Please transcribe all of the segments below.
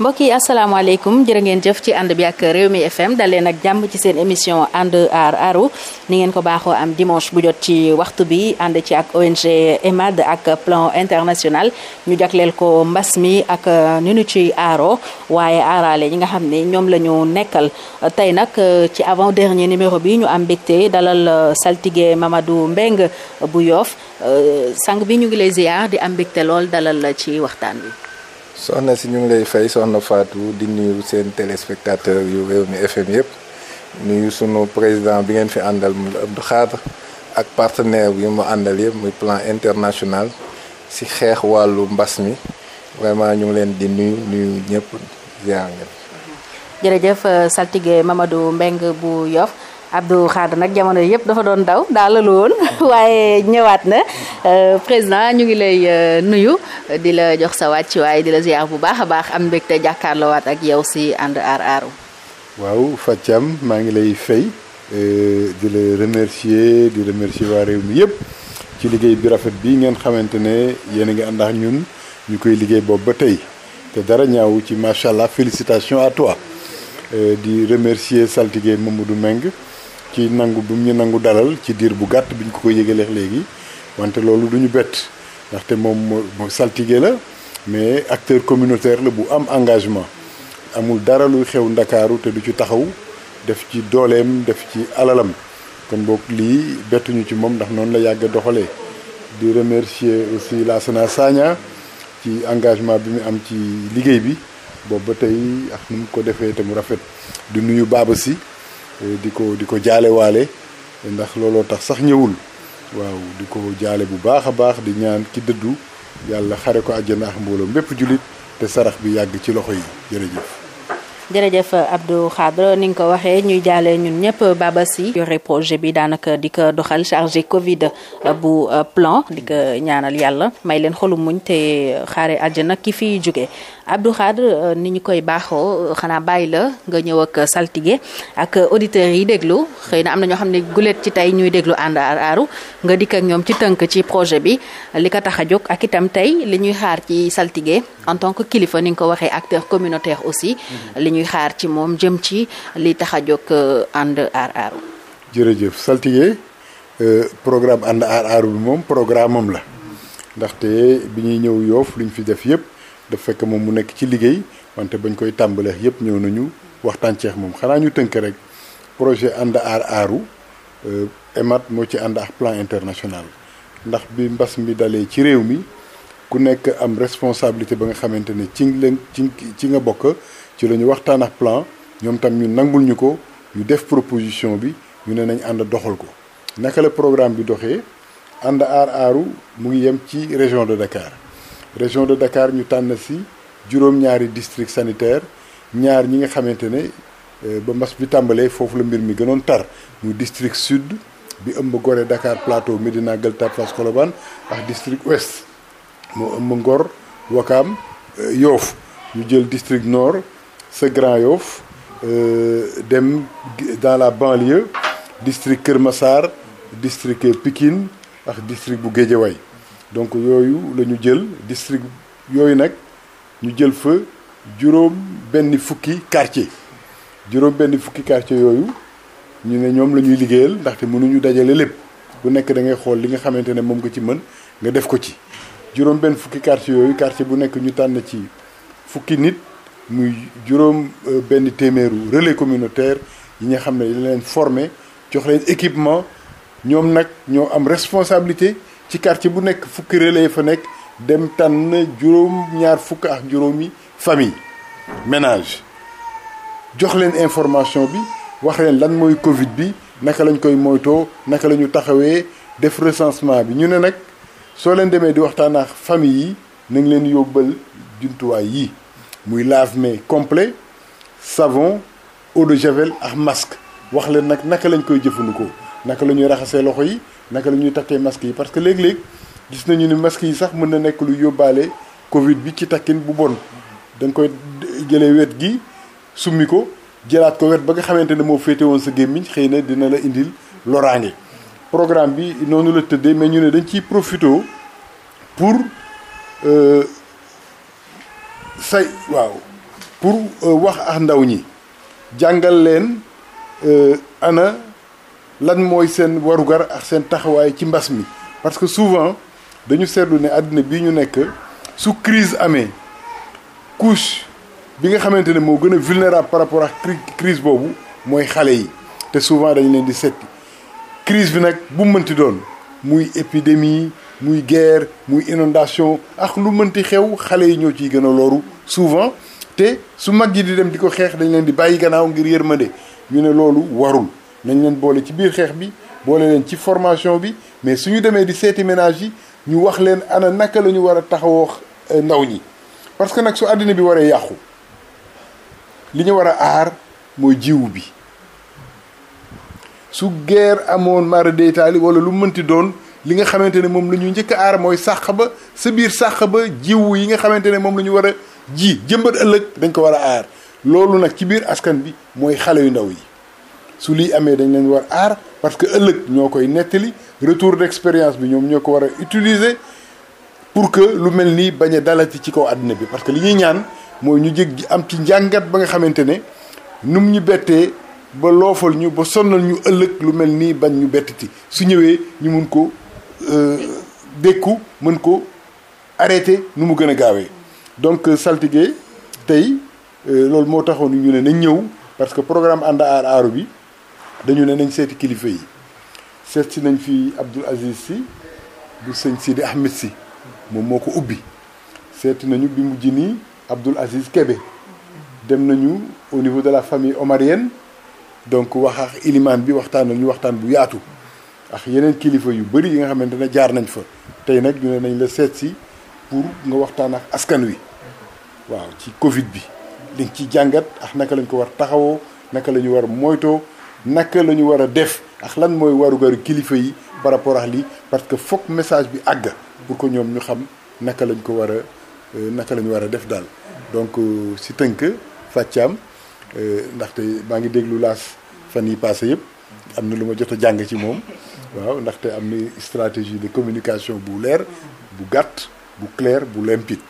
mbokk yi asalaamaaleykum jërë ngeen jëf ci ànd bi ak réew mi FM daleen ak jàmm ci seen émission ànd aar aaru ni ngeen ko baaxoo am dimanche bu jot ci waxtu bi ànd ci ak ONG EMAD ak plan international ñu jagleel ko mbas mi ak euh, ni ñu ci aaro waaye aaraale ñi nga xam ne ñoom la ñu nekkal tey nag euh, ci avant dernier numéro bi ñu am mbégte dalal euh, saltige Mamadou Mbeng bu Yoff sang bi ñu ngi lay ziar di am mbégte lool dalal ci waxtaan bi soxna si ñu ngi lay fay soxna Fatou di nuyu seen téléspectateur yu Rewmi FM yëpp nuyu sunu président bi ngeen fi àndal muy Abdou xaat ak partenaire yu mu àndal yëpp muy plan international si xeex wàllu mbas mi vraiment ñu ngi leen di nuyu nuyu ñëpp ziar ngeen. jërëjëf saltige Mamadou bu Yoff. Abdou Khadre nag jamono yëpp dafa doon daw daalalu woon waaye ñëwaat na euh, président ñu ngi lay euh, nuyu di la jox sa wàcc waaye di la ziar bu baax a baax am mbégte jàkkaarloowaat ak yow si ànd aar aaru. waaw Fathiam maa ngi lay fay euh, di la remercier di remercier waa réew mi yëpp ci liggéey bi rafet bi ngeen xamante ne yéen a ngi ànd ak ñun ñu koy liggéey boobu ba tey te dara ñaaw ci macha allah félicitations à di remercier saltige Mamadou Meng. ci nangu bi mu ñu nangu dalal ci diir bu gàtt bi ñu ko ko yëgalee léegi wante loolu du ñu bett ndaxte moom moo saltige la mais acteur communautaire la bu am engagement amul dara luy xew ndakaaru te du ci taxaw def ci dooleem def ci alalam kon boog lii bettuñu ci moom ndax noonu la yàgg doxalee di remercier aussi Lassana Sagna ci engagement bi mu am ci liggéey bi boobu ba tey ak nu ko defee te mu rafet di nuyu Baba si Eh, di ko di ko jaalewaale ndax looloo tax sax ñëwul waaw di ko jaale bu baax a baax di ñaan ki dëddu yàlla xare ko àjjana ak mbooloo mépp jullit te sarax bi yàgg ci loxo yi jërëjëf jërëjëf Abdou Khadre ni nga ko waxee ñuy jaalee ñun ñëpp baba si yore projet bi daanaka di ko doxal chargé Covid bu euh, plan di ko ñaanal yàlla may leen xolu muñ te xaare nag ki fi jóge Abdou Khadre euh, ni ñu koy baaxoo euh, xanaa bàyyi la nga ñëw ak saltige ak auditeurs yi déglu xëy na am na ñoo xam ne gulet ci tey ñuy déglu ànd aaru nga dikk ñoom ci tënk ci projet bi li ko tax a jóg ak itam tey li ñuy xaar ci saltige en tant que kilifa ni nga ko waxee acteur communautaire ñuy xaar ci moom jëm ci li tax a jóg euh, ànd aar aaru jërëjëf saltige euh, ànd aar bi moom programme am la ndaxte bi ñuy ñëw yoof lu ñu fi def yëpp daf fekk moom mu nekk ci liggéey wante bañ koy tàmbalee yëpp ñëw nañu waxtaan ceex moom xanaa ñu tënk rek projet ànd aar aaru euh, EMAD moo ci ànd ak plan international ndax bi mbas mi dalee ci réew mi ku nekk am responsabilité ba nga xamante ne ci nga ci ci nga bokk ci la ñu waxtaan ak plan ñoom tam ñu nangul ñu ko ñu def proposition bi ñu ne nañ ànd doxal ko naka la programme bi doxee ànd aar aaru mu ngi yem ci région de Dakar région de Dakar ñu tànn si juróom-ñaari district sanitaire ñaar ñi nga xamante ne euh, ba mbas bi tàmbalee foofu la mbir mi gënoon tar muy district sud bi ëmb Gorée Dakar Plateau Médina Gueule Tapée Fass Colobane ak district ouest moo ëmb Ngor Wakaam euh, Yoof ñu jël district nord sa Grand Yoff euh, dem dans la banlieue district Kër masar district Pikine ak district bu Guédiawaye donc yooyu la ñu jël district yooyu nag ñu jël fa juróom benn fukki quartier juróom benn fukki kartie yooyu ñu ne ñoom la ñuy liggéeyal ndaxte mënuñu dajale lépp bu nekk da ngay xool li nga xamante ne moom nga ci mën nga def ko ci juróom benn fukki quartier yooyu quartier bu nekk ñu tànn ci fukki nit muy juróom euh, benn téeméeru relais communautaire yi nga xam ne dañ leen formé jox leen équipement ñoom nag ñoo am responsabilité ci quartier bu nekk fukki relais fa nekk dem tànn juróom ñaar fukk ak juróomi famille ménage jox leen information bi wax leen lan mooy Covid bi naka lañ koy moytoo naka la ñu taxawee def recensement bi ñu ne nag soo leen demee di waxtaan ak famille yi nañ leen yóbbal jumtuwaay yi. muy lave mais complet savon eau de javel ak masque wax leen nag naka lañ koy jëfandikoo naka la ñuy raxasee loxo yi naka la ñuy takkee masque yi parce que léegi léeg gis nañu ni masque yi sax mën na nekk lu yóbbaale Covid bi ci takkin bu bon da koy jëlee wet gi summi ko jëlaat ko wet ba nga xamante ne moo féete woon sa gémmiñ xëy ne dina la indil loraange. programme bi noonu la tëddee mais ñu ne dañ ciy profité pour. Euh, say waaw pour euh, wax ak ndaw ñi jàngal leen euh, ana lan mooy seen warugar ak seen taxawaay ci mbas mi parce que souvent dañu seetlu ne àddina bii ñu nekk su crise amee couche bi nga xamante ne moo gën a vulnérable par rapport ak crise boobu mooy xale yi te souvent dañu leen di setti crise bi nag bu mënti doon muy épidémie muy guerre muy inondation ak lu mënti xew xale yi ñoo ci gën a loru souvent te su mag yi di dem di ko xeex dañ leen di bàyyi gannaaw ngir yërmande ñu ne loolu warul nañ leen boole ci biir xeex bi boole leen ci formation bi mais suñu demee di seeti ménage yi ñu wax leen ana naka lañu war a taxawoo euh, ndaw ñi parce que nag su àddina bi waree yàqu li ñu war a aar mooy jiw bi su guerre amoon mara deytaali wala lu mënti doon li nga xamante ne moom la ñu njëkk aar mooy sàq ba sa biir sàq ba jiw yi nga xamante ne moom la ñu war a ji jëmbat ëllëg dañ ko war a aar loolu nag ci biir askan bi mooy xale yu ndaw yi su liy amee dañ leen war aar parce que ëllëg ñoo koy nettali retour expérience bi ñoom ñoo ko war a utiliser pour que lu mel nii bañ a dalati ci kaw àddina bi parce que li ñuy ñaan mooy ñu jég am ci njàngat ba nga xamante ne num ñu bettee ba loofal ñu ba sonnal ñu ëllëg lu mel nii bañ ñu bettiti su ñëwee ñu ko Euh, dékku mën ko arrêté nu mu gën a gaawee donc euh, saltige tey euh, loolu moo taxoon ñu ne nañ ñëw parce que programme ànd aar aaru bi dañu ne nañ seeti kilifa yi seet si nañ fi Abdoul Aziz si bu sëñ Sidi Ahmed si moom moo ko ubbi seeti nañu bi mujj nii abdul Aziz Kébé dem nañu au niveau de la famille omarienne donc wax ak ilimaan bi waxtaan nañu waxtaan bu yaatu ak yeneen kilifa yu bëri yi nga xamante ne jaar nañ fa tey nag ñu nañ la seet si pour nga waxtaan ak askan wi waaw ci Covid bi liñ ci jàngat ax naka lañ ko war taxawoo naka la ñu war a moytoo naka la ñu war a def ak lan mooy warugaru kilifa yi par rapport ak lii parce que foog message bi àgg pour ko ñoom ñu xam naka lañ ko war a euh, naka lañu ñu war a def daal donc euh, si tënk Fathia am euh, ndaxte maa ngi déglu laas fan yi passé yëpp. am na lu ma jot a jàng ci moom waaw ndaxte am na stratégie de communication bu leer bu gàtt bu clair bu limpide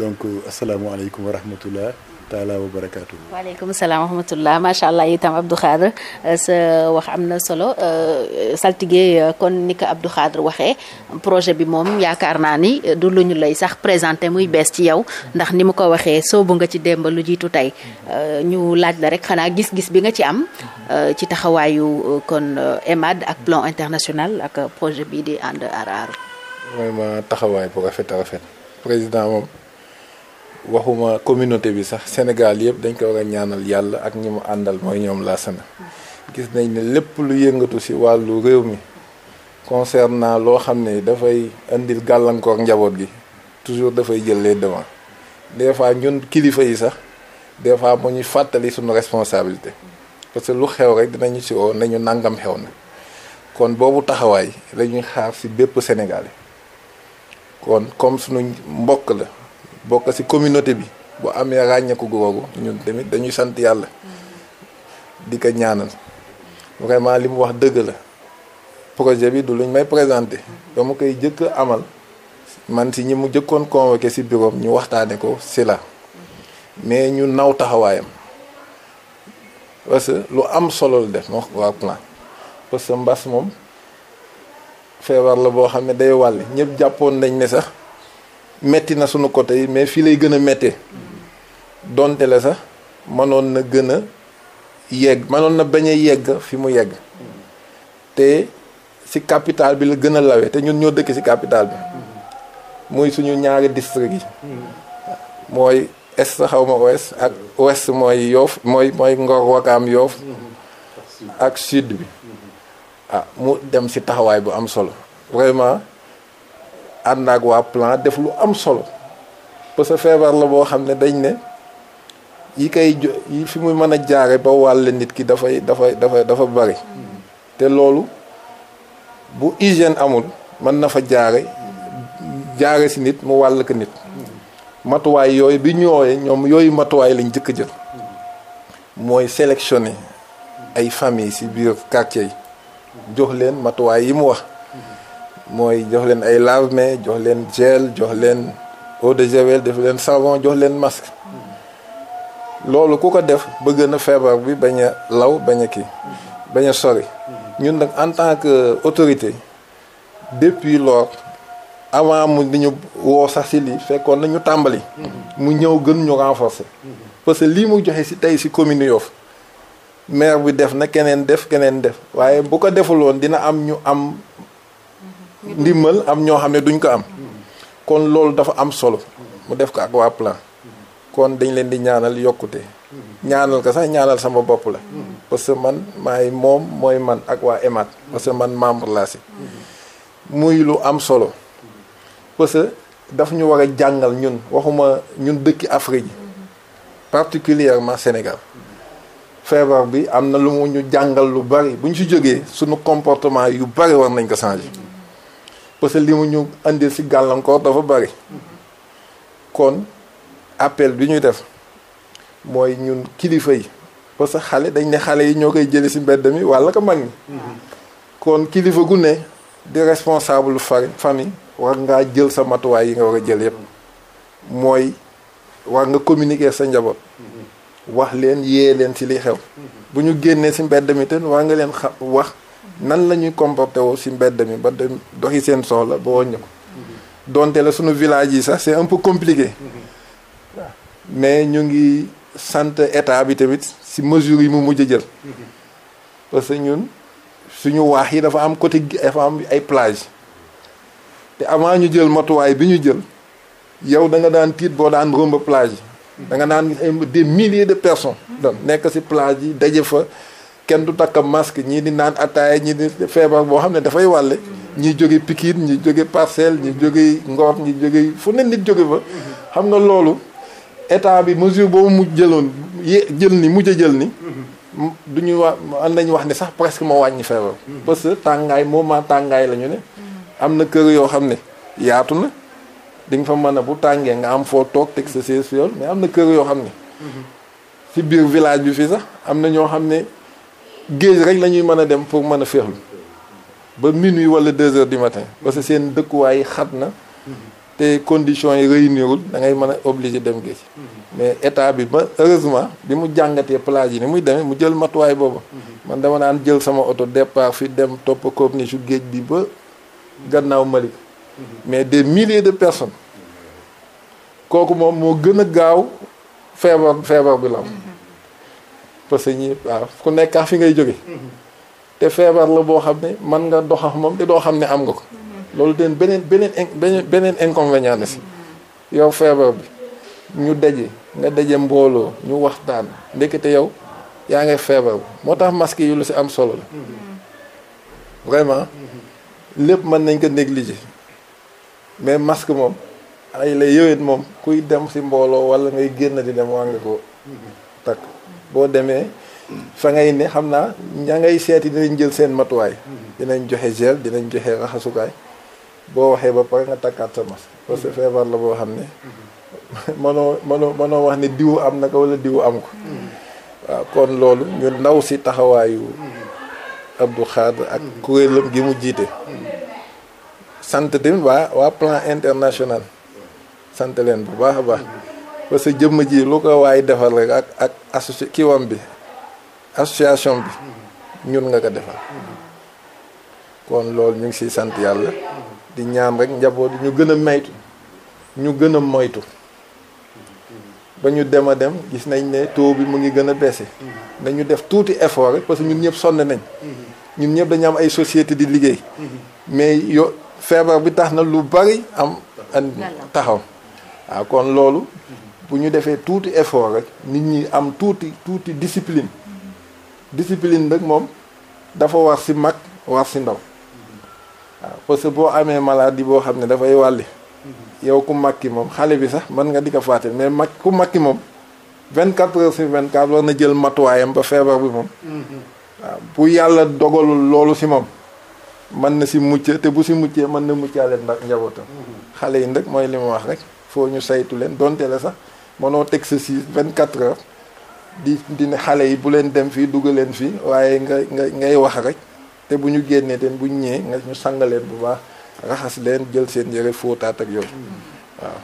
donc euh, asalaamaaleykum wa rahmatullah taala wa barakaatu. waaleykum salaam wa rahmatullah macha allah itam Abdou Khadre euh, sa wax am na solo euh, saltige euh, kon ni ko Abdou Khadre waxee projet bi moom yaakaar naa ni du lu ñu lay sax présenté muy bees ci yow ndax ni mu ko waxee soobu nga ci démb lu jiitu tey ñu laaj la rek xanaa gis-gis bi nga ci am ci taxawaayu kon EMAD ak plan international ak projet bii di ànd aar aar. mooy ma taxawaay bu rafet a président moom. waxuma communauté bi sax Sénégal yëpp dañ ko war a ñaanal yàlla ak ñi mu àndal mooy ñoom Lassana gis nañ ne lépp lu yëngatu ci wàllu réew mi concernant loo xam ne dafay indil gàllankoor njaboot gi toujours dafay jël les devants des fois ñun kilifa yi sax des fois mu ñuy fàttali suñu responsabilité parce que lu xew rek dinañu ci oo nañu nangam xew na kon boobu taxawaay lañuy xaar ci bépp Sénégalais kon comme suñu mbokk la. bokk ci communauté bi bu amee ràññeeku googu ñun tamit dañuy sant yàlla di ko ñaanal vraiment li mu wax dëgg la projet bi du luñ may présenté dama koy jëkk amal man ci ñi mu jëkkoon convoqué ci bureau ñu waxtaane ko ci la mais ñu naw taxawaayam parce que lu am solo la def moo waa plan parce mbas moom feebar la boo xam ne day wàll ñëpp jàppoon nañ ne sax metti na sunu côté yi mais fii lay gën a méttee donte la sax mënoon na gën a yegg mënoon na bañ yegg fi mu yegg te si capital bi la gën a lawe te ñun ñoo dëkk si capital bi muy suñu ñaari district yi mooy est xaw ma ouest ak ouest mooy yoof mooy mooy Ngor Wakaam yoof ak sud bi ah mu dem si taxawaay bu am solo ànd ak waa plan def lu am solo parce que feebar la boo xam ne dañ ne yi kay jo yi fi muy mën a jaare ba wàll nit ki dafay dafay dafa dafa bari te loolu bu hygiène amul mën na fa jaare jaare si nit mu wàll ko nit matuwaay yooyu bi ñu wooyee ñoom yooyu matuwaay lañ jëkk jël mooy sélectionner ay famille si biir quartier yi jox leen matuwaay yi mu wax mooy jox leen ay lave-mains jox leen gel jox leen eau de javel def leen savon jox leen masque loolu ku ko def bëgg na feebar bi bañ a law bañ a kii bañ a sori ñun nag en tant que autorité depuis lors avant mu di ñu woo sax si lii fekkoon ñu tàmbali mu ñëw gën ñu renforcer parce que lii mu joxe si tey si commune Yoff maire bi def na keneen def keneen def waaye bu ko defuloon dina am ñu am ndimbal am ñoo xam ne duñ ko am kon loolu dafa am solo mu def ko ak waa plan kon dañ leen di ñaanal yokkute ñaanal ko sax ñaanal sama bopp la parce que man maay moom mooy man ak waa EMAD parce que man membre laa si muy lu am solo parce que daf ñu war a jàngal ñun waxuma ñun dëkki Afrique yi particulièrement Sénégal feebar bi am na lu mu ñu jàngal lu bari bu ñu si jógee suñu comportement yu bari war nañ ko changer parce que li ñu indil si gàllankoor dafa bari kon appel bi ñuy def mooy ñun kilifa yi parce que xale dañ ne xale yi ñoo koy jëlee si mbedd mi walla ko mag ñi kon kilifa gune ne di responsable fari famille war ngaa jël sa matuwaay yi nga war a jël yëpp mooy war nga communiquer sa njaboot wax leen yee leen ci li xew bu ñu génnee si mbedd mi ten war nga leen xa wax nan la ñuy comporté woo si mbedd mi ba dem doxi seen soxla ba wàññi ko donte la suñu village yi sax c'est un peu compliqué mais ñu ngi sant état bi tamit si mesures yi mu mujj jël parce que ñun suñu waax yi dafa am côté dafa am ay plage te avant ñu jël matuwaay bi ñu jël yow da nga daan tiit boo daan romb plage yi da nga daan des milliers de personnes. donc nekk si plage yi daje fa. kenn du takk masque ñii di naan ataaya ñi di feebar boo xam ne dafay wàlle ñii jóge Pikine ñii jóge Parcelles ñi jóge Ngor ñi jóge fu ne nit jóge fa xam nga loolu état bi mesure boobu mu jëloon jël ni mujj jël ni du ñu wax an nañu wax ne sax presque moo wàññi feebar parce que tàngaay moment tàngaay la ñu ne am na kër yoo xam ne yaatu na di fa mën a bu tàngee nga am foo toog teg sa chaise mais am na kër yoo xam ne si biir village bi fii sax am na ñoo xam ne géej rek la ñuy mën a dem pour mën a féexlu ba minuit wala deux heures du matin parce que seen dëkkuwaay yi xat na te conditions yi réunirul da ngay mën a obligé dem géej mais état bi ba heureusement bi mu jàngatee plage yi ni muy demee mu jël matuwaay boobu man dama naan jël sama oto départ fi dem topp corniche géej bi ba gannaaw Mali mais des milliers de personnes kooku moom moo gën a gaaw feebar feebar bi la parce que ñi waaw ku nekk fi ngay jóge te feebar la boo xam ne man nga dox ak moom te doo xam ne am nga ko loolu den beneen beneen beneen beneen inconvénient na si yow feebar bi ñu daje nga daje mbooloo ñu waxtaan ndekete yow yaa ngi feebar bi moo tax masque yi lu si am solo la vraiment lépp mën nañ ko négliger mais masque moom ay lay yëwét moom kuy dem si mbooloo wala ngay génn di dem waa nga ko boo demee fa ngay ne xam naa ña ngay seeti dinañ jël seen matuwaay mm-hmm. dinañ joxe gel dinañ joxe raxasukaay boo waxee ba pare nga takkaat sa masque mm-hmm. parce que feebar la boo xam ne mënoo mm-hmm. mënoo mënoo wax ne diwu am na ko wala diwu am ko waaw kon loolu ñu ndaw si taxawaayu Abdou Khadre ak kuréelam gi mu jiite sant tamit waa waa plan international sant leen bu baax a baax parce que jëmm ji lu ko waay defal rek ak ak associ bi association bi ñun nga ko defal kon loolu ñu ngi siy sant yàlla di ñaam rek njaboot ñu gën a maytu ñu gën a moytu ba ñu dem a dem gis nañ ne taux bi mu ngi gën a baissé nañu def tuuti effort rek parce que ñun ñëpp sonn nañ ñun ñëpp dañu am ay société di liggéey mais yo feebar bi tax na lu bari am an taxaw waaw ah, kon loolu bu ñu defee tuuti effort rek nit ñi am tuuti tuuti discipline discipline nag moom dafa war si mag war si ndaw waaw parce que boo amee maladie boo xam ne dafay wàlli yow ku ki moom xale bi sax mën nga di ko fàtte mais mag ku ki moom vingt quatre heures sur vingt quatre war na jël matuwaayam ba feebar bi moom waaw bu yàlla dogalul loolu si moom mën na si mucc te bu si muccee mën na muccaale ndax njabootam xale yi nag mooy li ma wax rek foo ñu saytu leen donte la sax mënoo teg sa si 24 heures di di xale yi bu leen dem fii dugal leen fii waaye nga nga ngay wax rek te bu ñu génnee teen bu ñëwee nga ñu leen bu baax raxas leen jël seen yëre fóotaat ak yooyu hmm. waaw.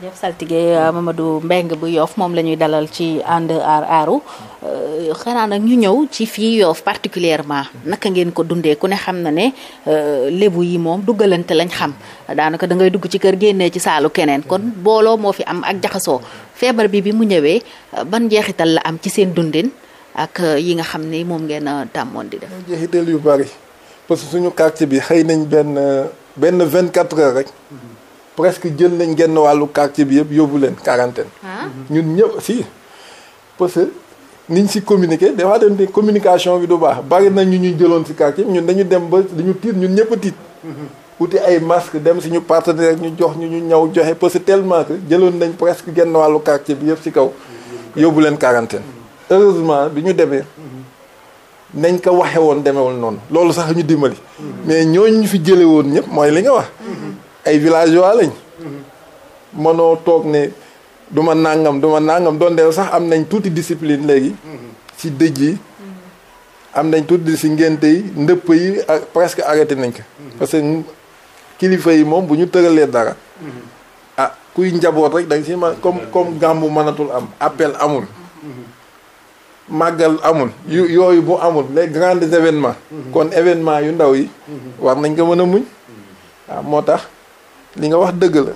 jërëjëf saltige euh, Mamadou Mbengue bu yoof moom la ñuy dalal ci ànd aar aaru euh, xanaa nag ñu ñëw ci fii Yoff particulièrement naka ngeen ko dundee ku ne xam na ne euh, lébu yi moom duggalante lañ xam daanaka da ngay dugg ci kër génnee ci saalu keneen kon booloo moo fi am ak jaxasoo feebar bi bi mu ñëwee ban njeexital la am ci seen dundin ak yi nga xam ni moom ngeen a tàmmoon di def. njeexital yu bari parce que suñu quartier bi xëy nañ benn benn 24 heures rek. Mm-hmm. presque jën nañ genn wàllu quartier bi yëpp yóbbu leen quarantaine ah. mm-hmm. ñun ñëpp si parce que niñ si communiqué des fois dañu communication bi du baax bari na ñu ñuy jëloon si quartier ñun dañu dem ba dañu tiit ñun ñëpp a tiit mm-hmm. uti ay masque dem si suñu partenaire ñu jox ñu ñu ñaw joxe parce que tellement que jëloon nañ presque genn wàllu quartier bi yëpp si kaw mm-hmm. yóbbu leen quarantaine heureusement bi ñu demee nañ ko waxe woon demewul noonu loolu sax ñu dimbali mais ñu fi jële woon ñëpp mooy li nga wax ay villageois lañ. Mhm. mënoo toog ne duma ma nangam du ma nangam doon sax am nañ tuuti discipline léegi. Mhm. ci dëj yi. Mhm. am nañ tuuti si ngénte yi ndëpp yi presque arrêté nañ ko. parce que kilifa yi moom bu ñu tëralee dara. ah kuy njaboot rek da nga si man comme comme gàmmu mënatul am appel amul. màggal amul yu yooyu bu amul les grands événements. kon événement yu ndaw yi. war nañ ko mën a muñ. waaw ah, moo tax. li nga wax dëgg la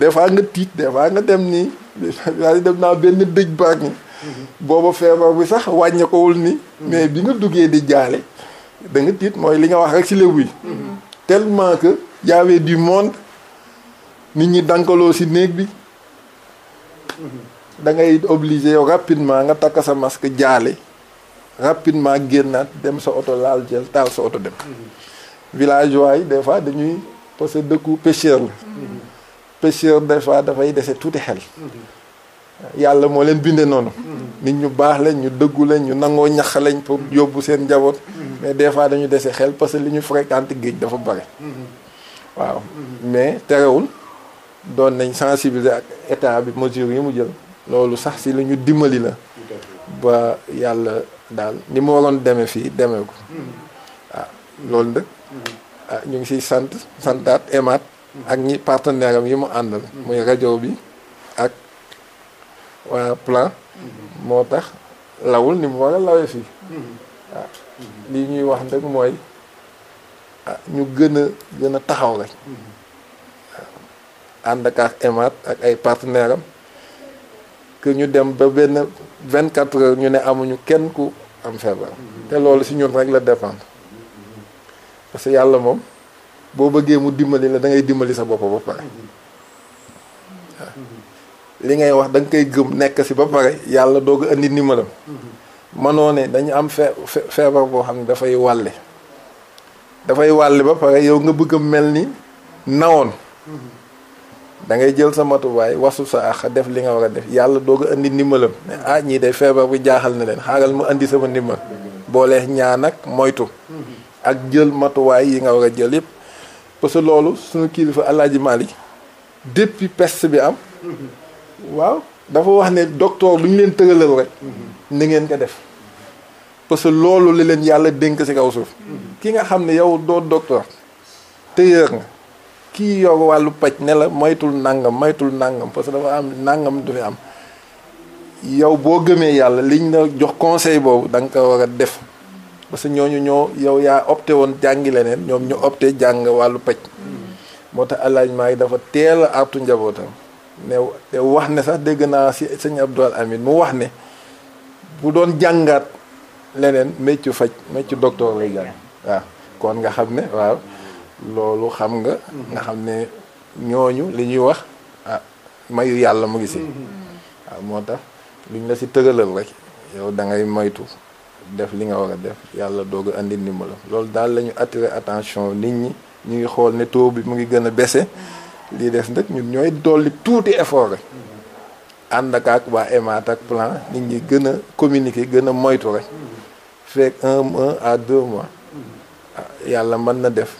des fois nga tiit des fois nga dem nii daal dem naa benn dëj baag ni booba feebar bi sax wàññeekuwul ni mais bi nga duggee di jaale da tiit mooy li nga wax rek si lébu yi tellement que y avait du monde nit ñi dankaloo si néeg bi dangay ngay obligé yow nga takk sa masque jaale rapidement génnaat dem sa oto laal jël taal sa oto dem mm-hmm. villageois yi des fois dañuy parce que dëkku pêcheur la pêcheur des fois dafay dese tuuti xel yàlla moo leen binde noonu nit ñu baax lañ ñu dëggu lañ ñu nangoo ñax lañ pour yóbbu seen njaboot mais des fois dañu dese xel parce que li ñu fréquente géej dafa bare waaw mais terewul doon nañ sensibiliser ak état bi mesure yi mu jël loolu sax si lu ñu dimbali la ba yàlla daal ni mu waroon demee fii demee ko loolu nag ah ñu ngi siy sant santaat emaat ak ñi partenaire yi mu àndal muy rajo bi ak waa plan moo tax lawul ni mu war a lawee fii ah, li ñuy wax nag mooy ah ñu gën a gën a taxaw rek waaw ah, ànd ak emaat ak ay partenaire am ñu dem ba benn vingt quatre heures ñu ne amuñu kenn ku am feebar te loolu si ñu rek la dépendre parce yàlla moom boo bëggee mu dimbali la da ngay dimbali sa bopp ba pare li ngay wax danga koy gëm nekk si ba pare yàlla doog a indi ndimbalam manoo ne dañu am fee boo xam ne dafay wàlle dafay wàlle ba pare yow nga bëgg a mel ni nawoon da jël sa matuwaay wasu sa ax def li nga war a def yàlla doog a indi ndimbalam ah ñii day feebar bi jaaxal na leen xaaral ma indi sama ndimbal boolee ñaan ak moytu ak jël matuwaay yi nga war a jël yëpp parce que loolu suñu kilifa Alaaji Maalik depuis peste bi am waaw dafa wax ne docteur lu ñu leen tëralal rek ni ngeen ko def parce que loolu li leen yàlla dénk si kaw suuf ki nga xam ne yow doo docteur tëyeer nga kii yor wàllu paj ne la maytul nàngam maytul nàngam parce que dafa am nàngam du fi am yow boo gëmee yàlla liñ la jox conseil boobu da nga ko war a def parce que ñooñu ñoo yow yaa opté woon jàngi leneen ñoom ñu opté jàng wàllu paj moo tax alaajement yi dafa teel a artu njabootam ne wax ne sax dégg naa si sëñ Abdoul Amin mu wax ne bu doon jàngaat leneen méccu faj méccu docteur lay jàng waaw kon nga xam ne waaw loolu xam nga nga xam ne ñooñu li ñuy wax ah mayu yàlla mu ngi si mm-hmm. waaw moo tax luñ la si tëgalal rek yow da ngay moytu def li nga war a def yàlla doog a andi ndimbal loolu daal la ñu attirer attention nit ñi ñu ngi xool ne taux bi mu ngi gën a baissé lii des nag ñun ñooy dolli tuuti effort rek ànd ak waa EMAD ak plan nit ñi gën a communiquer gën a moytu rek feeg un un à deux mois ah, yàlla mën na def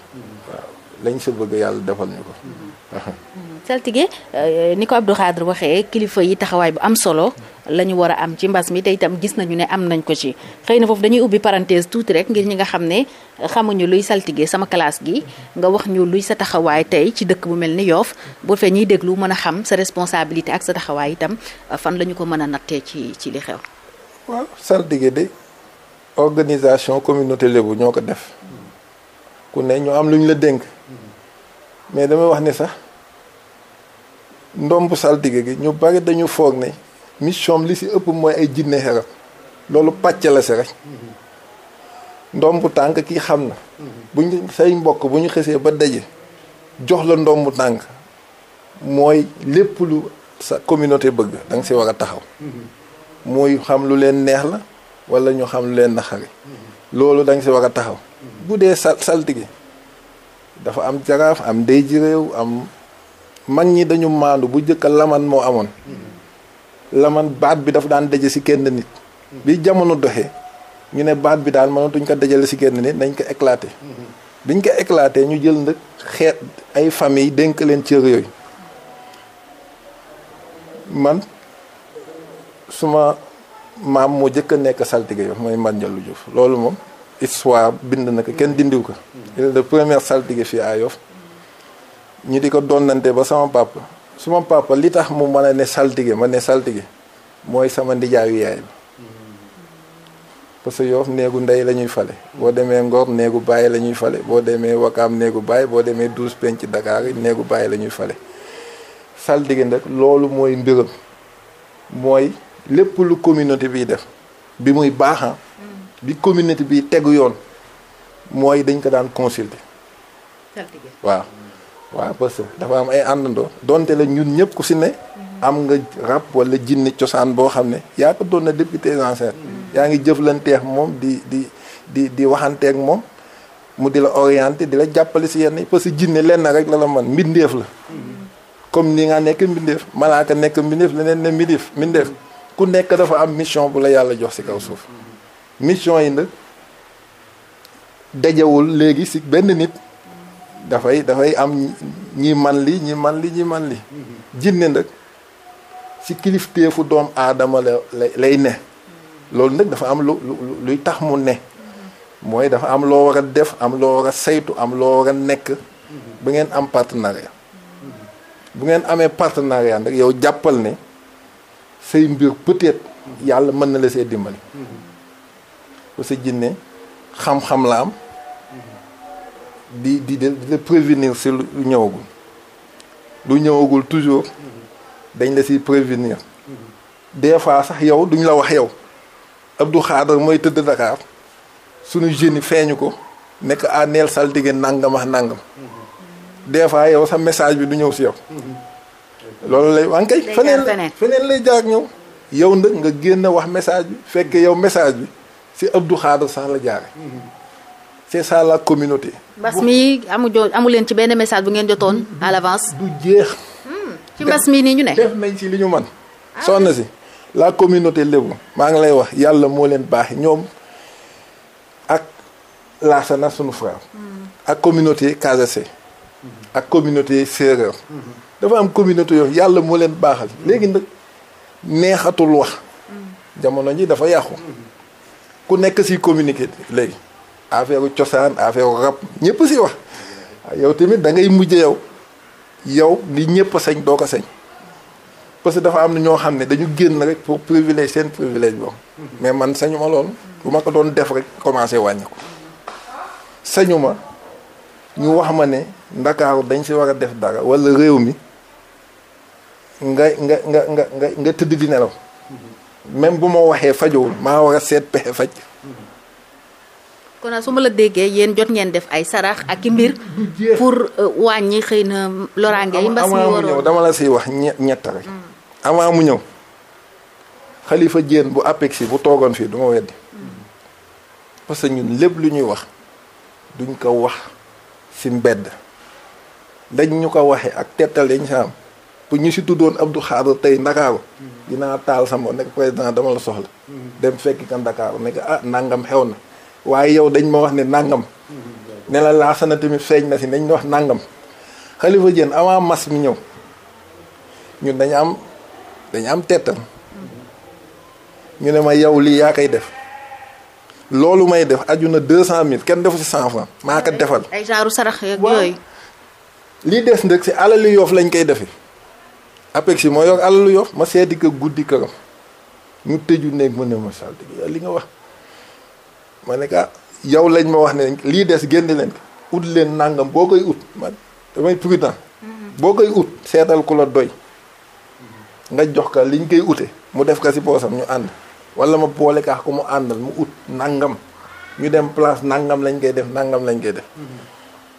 waaw lañ sa bëgg yàlla defal ñu ko. Mm-hmm. saltige euh, ni ko Abdou Khadre waxee kilifa yi taxawaay bu am solo la ñu war a am ci mbas mi te itam gis nañu ne am nañ ko ci xëy na foofu dañuy ubbi parenthèse tuuti rek ngir ñi nga xam ne xamuñu luy saltige sama classe gi nga wax ñu luy sa taxawaay tey ci dëkk bu mel ni Yoff bu fee ñuy déglu mën a xam sa responsabilité ak sa taxawaay itam fan lañu ko mën a nattee ci ci li xew. waaw saltige de organisation communauté lébu ñoo ko def ku ne ñoo am lu la dénk mais wax ne sax. ndomb saltige gi ñu bari dañu foog ne mission li si ëpp mooy ay jinne xeram loolu pàcc la si rek ndomb tànk ki xam na bu ñu say mbokk bu ñu xësee ba daje jox la ndomb tànk mooy lépp lu sa communauté bëgg da nga si war a taxaw mooy xam lu leen neex la walla ñu xam lu leen naxari loolu da si war a taxaw bu dee saltige dafa am jaraaf am ndey ji am mag ñi dañu maandu bu njëkk laman moo amoon laman baat bi dafa daan daje si kenn nit bi jamono doxee ñu ne baat bi daal mënatuñ ko dajale si kenn nit dañ ko éclaté biñ ko éclaté ñu jël nag xeet ay famille dénk leen cër yooyu man suma maam moo njëkk a nekk saltige yo mooy Mandialou Diouf loolu moom histoire bind na ko kenn dindiw ko il est le premier saltige fii à Yoff ñu di ko donnante ba sama papa suma papa li tax mu man a ne saltige ma ne saltige mooy sama ndijaayu yaay bi parce que Yoff néegu ndey la ñuy fale boo demee Ngor néegu bàyyi la ñuy fale boo demee Wakaam néegu bàyyi boo demee douze penc Dakar néegu bàyyi la ñuy fale saltige nag loolu mooy mbiram mooy lépp lu communauté bi def bi muy baaxa bi communauté bi tegu yoon mooy dañ ko daan consulter. waaw. waaw parce que dafa am ay àndandoo donte la ñun ñëpp ku si ne am nga rab wala jinne cosaan boo xam ne yaa ko doon na depuis tes yaa ngi jëflanteex moom di di di di waxanteek moom mu di la orienté di la jàppale si yenn parce que jinne lenn rek la la man mbindeef la comme ni nga nekk mbindeef malaaka nekk mbindeef leneen ne mbindeef mbindeef ku nekk dafa am mission bu la yàlla jox si kaw suuf mission yi nag dajewul léegi si benn nit dafay dafay am ñi man li ñi man li ñi man li mhm. jinne nag ci kilifteefu doom aadama la lay ne loolu nag dafa am lu luy tax mu ne mhm. mooy dafa am loo war a def am loo war a saytu am loo war a nekk mhm. ba ngeen am partenariat bu ngeen amee partenariat nag yow jàppal ne say mbir peut-être yàlla mën na la see dimbali parce que jinne xam-xam la am di di de la si lu ñëwagul lu ñëwagul toujours dañ la si prévenir des fois sax yow duñ la wax yow du Khadre mooy tëdd Dakar suñu jeunes yi feeñu ko nekk à neel saltige nangam ak nangam des fois yow sax message bi du ñëw si yow loolu lay wax kay feneen feneen lay jaar ñëw yow nag nga génn wax message bi fekk yow message bi si du Khadre sax la jaare c'est ça la communauté. mbas mi amu jo amu leen ci benn message bu ngeen jotoon à l'avance. du jeex. Hmm, ci mbas mi nii ñu ne. def nañ ci li ñu man ah. soxna si la communauté lébu maa ngi lay wax yàlla moo leen baax ñoom ak na sunu frère. Hmm. ak communauté Casaase. Hmm. ak communauté séeréer. dafa am communauté yooyu yàlla moo leen baaxal léegi nag neexatul wax. jamono ji dafa yàqu. ku nekk si communiqué léegi. affaire cosaan affaire rab ñëpp si wax yow tamit da ngay mujj yow yow li ñëpp sañ doo ko sañ parce que dafa am na ñoo xam ne dañu génn rek pour privilège seen privilège boobu mais man sañu ma loolu bu ma ko doon def rek commencé wàññiku sañu ma ñu wax ma ne ndakaaru dañ si war a def dara wala réew mi nga nga nga nga tëdd di nelaw même bu ma waxee fajowul maa war a seet pexe faj kon su ma la déggee yéen jot ngeen def ay sarax ak i mbir. pour euh, wàññi xëy na loraange yi. mbas mi waroon ñëw dama la siy wax ñett rek. Mm. avant ñëw xalifa jéen bu APEX bu toogoon fii du ma weddi parce que lépp lu ñuy wax duñ ko wax si mbedd dañ ñu ko waxee ak tettal dañ sa am pour ñu si tuddoon Abdou Khadre tey Ndakaaru dinaa taal sama nekk président dama la soxla. Mm. dem fekk ka Ndakaaru nekk ah nangam xew na. waaye yow dañ ma wax ne nangam nela la laasana tamit feeñ na si dañ wax nangam xalifa Diène avant mas mi ñëw ñun dañu am dañu am tettal ñu ne ma yow lii yaa koy def loolu may def ajuna na deux cent mille kenn defu si cent franc maa ko defal. genre sarax lii des ndëkk si alalu yoof lañ koy defi apex si moo yor alalu yoof ma seeti ko guddi këram ñu tëju néeg mu ne ma saltige li nga wax. ma ne ka ah, yow lañ ma wax ne lii des génn leen ut leen nangam boo koy ut man damay prudent mm-hmm. boo koy ut seetal ku la doy nga jox ka liñ koy ute mu def ka si poosam ñu ànd wala ma boole kaax ko mu àndal mu ut nangam ñu dem place nangam lañ koy def nangam lañ koy def mm-hmm.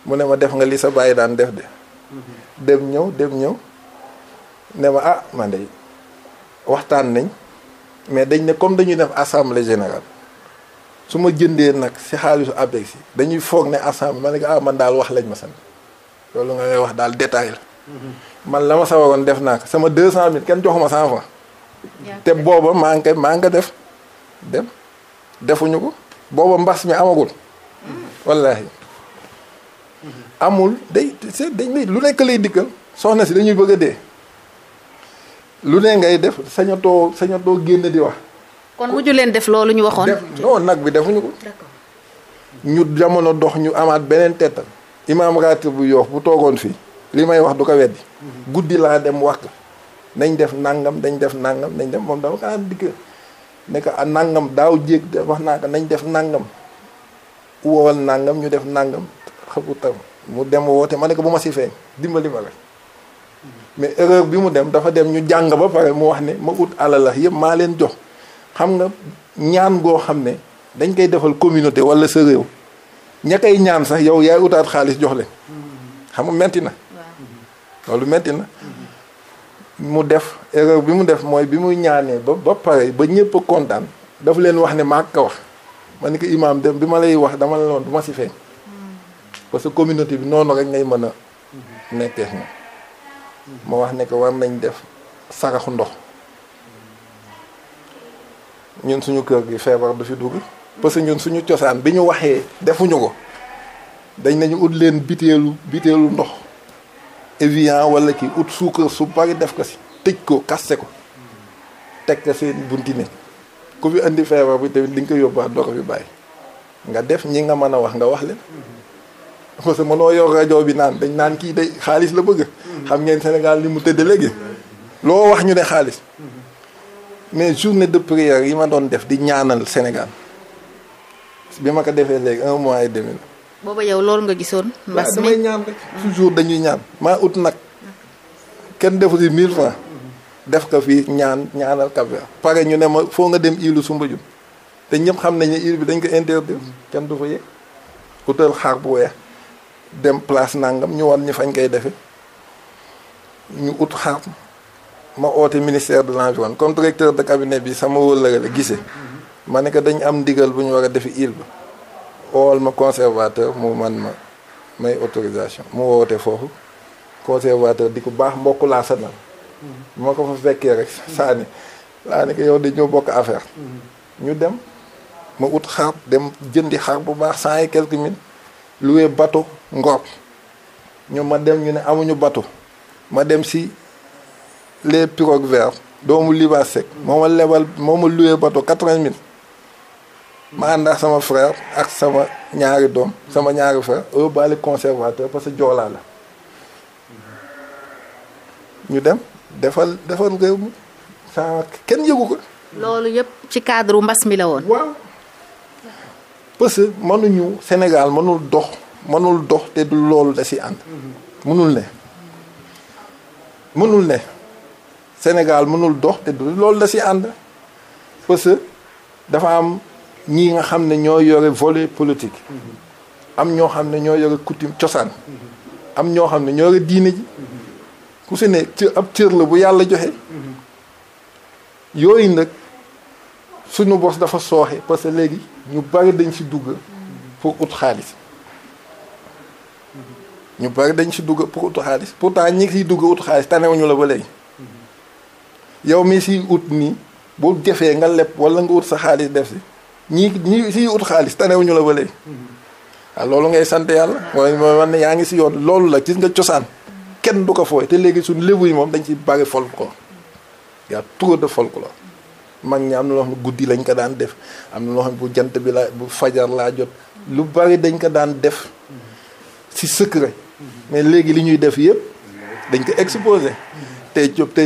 mu ne ma def nga li sa bàyyi daan def de mm-hmm. dem ñëw dem ñëw ne ma ah man de waxtaan nañ mais dañ ne comme dañuy def assemblée générale su ma jëndee nag si xaalisu APEX si dañuy foog ne assemblée ma ne ko ah, man daal wax lañ ma sant loolu nga ngay wax daal détail la. Mm-hmm. man la ma sa waroon def naa ko sama 200000 kenn joxuma 100 francs te booba maa ngi maa ngi def dem defuñu ko booba mbas mi amagul. Mm-hmm. wallaahi. Mm-hmm. amul day c'est dañ lu nekk lay dikkal soxna si dañuy bëgg a dee. lu ne ngay def sañatoo sañatoo génn di wax. kon mujj leen def loolu ñu waxoon. def non nag bi defuñu ko. ñu jamono dox ñu amaat beneen tettal. imaam ratib bu yoof bu toogoon fii li may wax du ko weddi. Mhm. guddi laa dem wax nañ def nangam dañ def nangam nañ def moom dama kaa dikk ne ko ah, nangam daaw jéeg wax naa ko nañ def nangam wowal nangam ñu def nangam xëpp tam mu dem woote ma ne ko bu ma si feeñ dimbali ma rek mhm. mais erreur bi mu dem dafa dem ñu jàng ba pare mu wax ne ma ut alal la yëpp maa leen jox. xam nga ñaan goo xam ne dañ koy defal communauté wala sa réew ña koy ñaan sax yow yaay utaat xaalis jox leen xam metti na loolu metti na mu def erreur bi mu def mooy bi mu ñaanee ba ba pare ba ñëpp kontaan daf leen wax ne maa ko wax ma ni ko imaam dem bi ma lay wax dama la woon du ma si feeñ hmm. parce que communauté bi noonu rek ngay mën a hmm. nekkee ma wax ne ko war nañ def saraxu ndox ñun suñu kër gi feebar du fi dugg parce que ñun suñu cosaan bi ñu waxee defuñu ko dañ nañu ut leen biteelu biteelu ndox Evian wala ki ut suukar su bari def ko si tëj ko kaste ko teg ko seen bunti ne ku fi indi feebar bi tamit li nga ko yóbbaat doo ko fi bàyyi nga def ñi nga mën a wax nga wax leen parce que mënoo yor rajo bi naan dañ naan kii day xaalis la bëgg xam ngeen Sénégal li mu tëdd léegi loo wax ñu ne xaalis mais journée de prière yi ma doon def di ñaanal Sénégal bi ma ko defee léegi en mois et demi la. booba yow loolu nga gisoon. mbas mi damay dañuy ñaan. maa ut nag kenn defu si 1000 francs def ko fii ñaan ñaanal Cap Vert pare ñu ne ma foo nga dem ilu Soumbédioune te ñëpp xam nañ ne île bi dañ ko interdire kenn du fa yëg utal xaar bu weex dem place nangam ñu wan ñu fañ koy defe ñu ut xaar. ma oote ministère de l'environnement comme directeur de cabinet bi sama wëllëre la gisee ma ne ko dañ am ndigal bu ñu war a defi île ba oowal ma conservateur mu man ma may autorisation mu oote foofu conservateur di ko baax mbokk laa sanal mm-hmm. ma ko fa fekkee rek saani laa ne yow di bokk affaire mm-hmm. ñu dem ma ut xar dem jëndi xar bu baax cent et quelques mille loué bateau Ngor ñu ma dem ñu ne amuñu bateau ma dem si le pirogues vertes doomu Liba Seck moo ma lebal moo ma loué bateau quatre-vingt mille ma ànd sama frère ak sama ñaari doom sama ñaari frère yóbbaale conservateur parce que joolaa la ñu dem defal defal réew mi saa kenn yëgu ko. loolu yëpp ci cadre mbas mi la woon. waaw parce que mënuñu Sénégal mënul dox mënul dox te du loolu da si ànd. Mhm. mënul ne mënul ne. Sénégal mënul dox te du loolu da si ànd parce que dafa am ñi nga xam ne ñoo yore vole politique am ñoo xam ne ñoo yore coutume cosaan am ñoo xam ne ñoo yore diine ji ku si ne ci ab cër la bu yàlla joxe yooyu nag suñu bos dafa sooxe parce que léegi ñu bari dañ si dugg pour ut xaalis ñu bari dañ si dugg pour ut xaalis pourtant ñi siy dugg ut xaalis tanewuñu la ba léegi yow mi siy ut nii boo defee nga leb wala nga ut sa xaalis def si ñii ñii siy ut xaalis tanewuñu la ba léegi waaw loolu ngay sant yàlla mooy mooy man ne yaa ngi si yoon loolu la gis nga cosaan kenn du ko fooy te léegi suñ lébu yi moom dañ si bari folklore yaa trop de folklore mag ñi am na loo xam guddi lañ ko daan def am na loo xam bu jant bi la bu fajar laa jot lu bari dañ ko daan def si secret mm-hmm. mais léegi li ñuy def yëpp dañ ko exposé te job te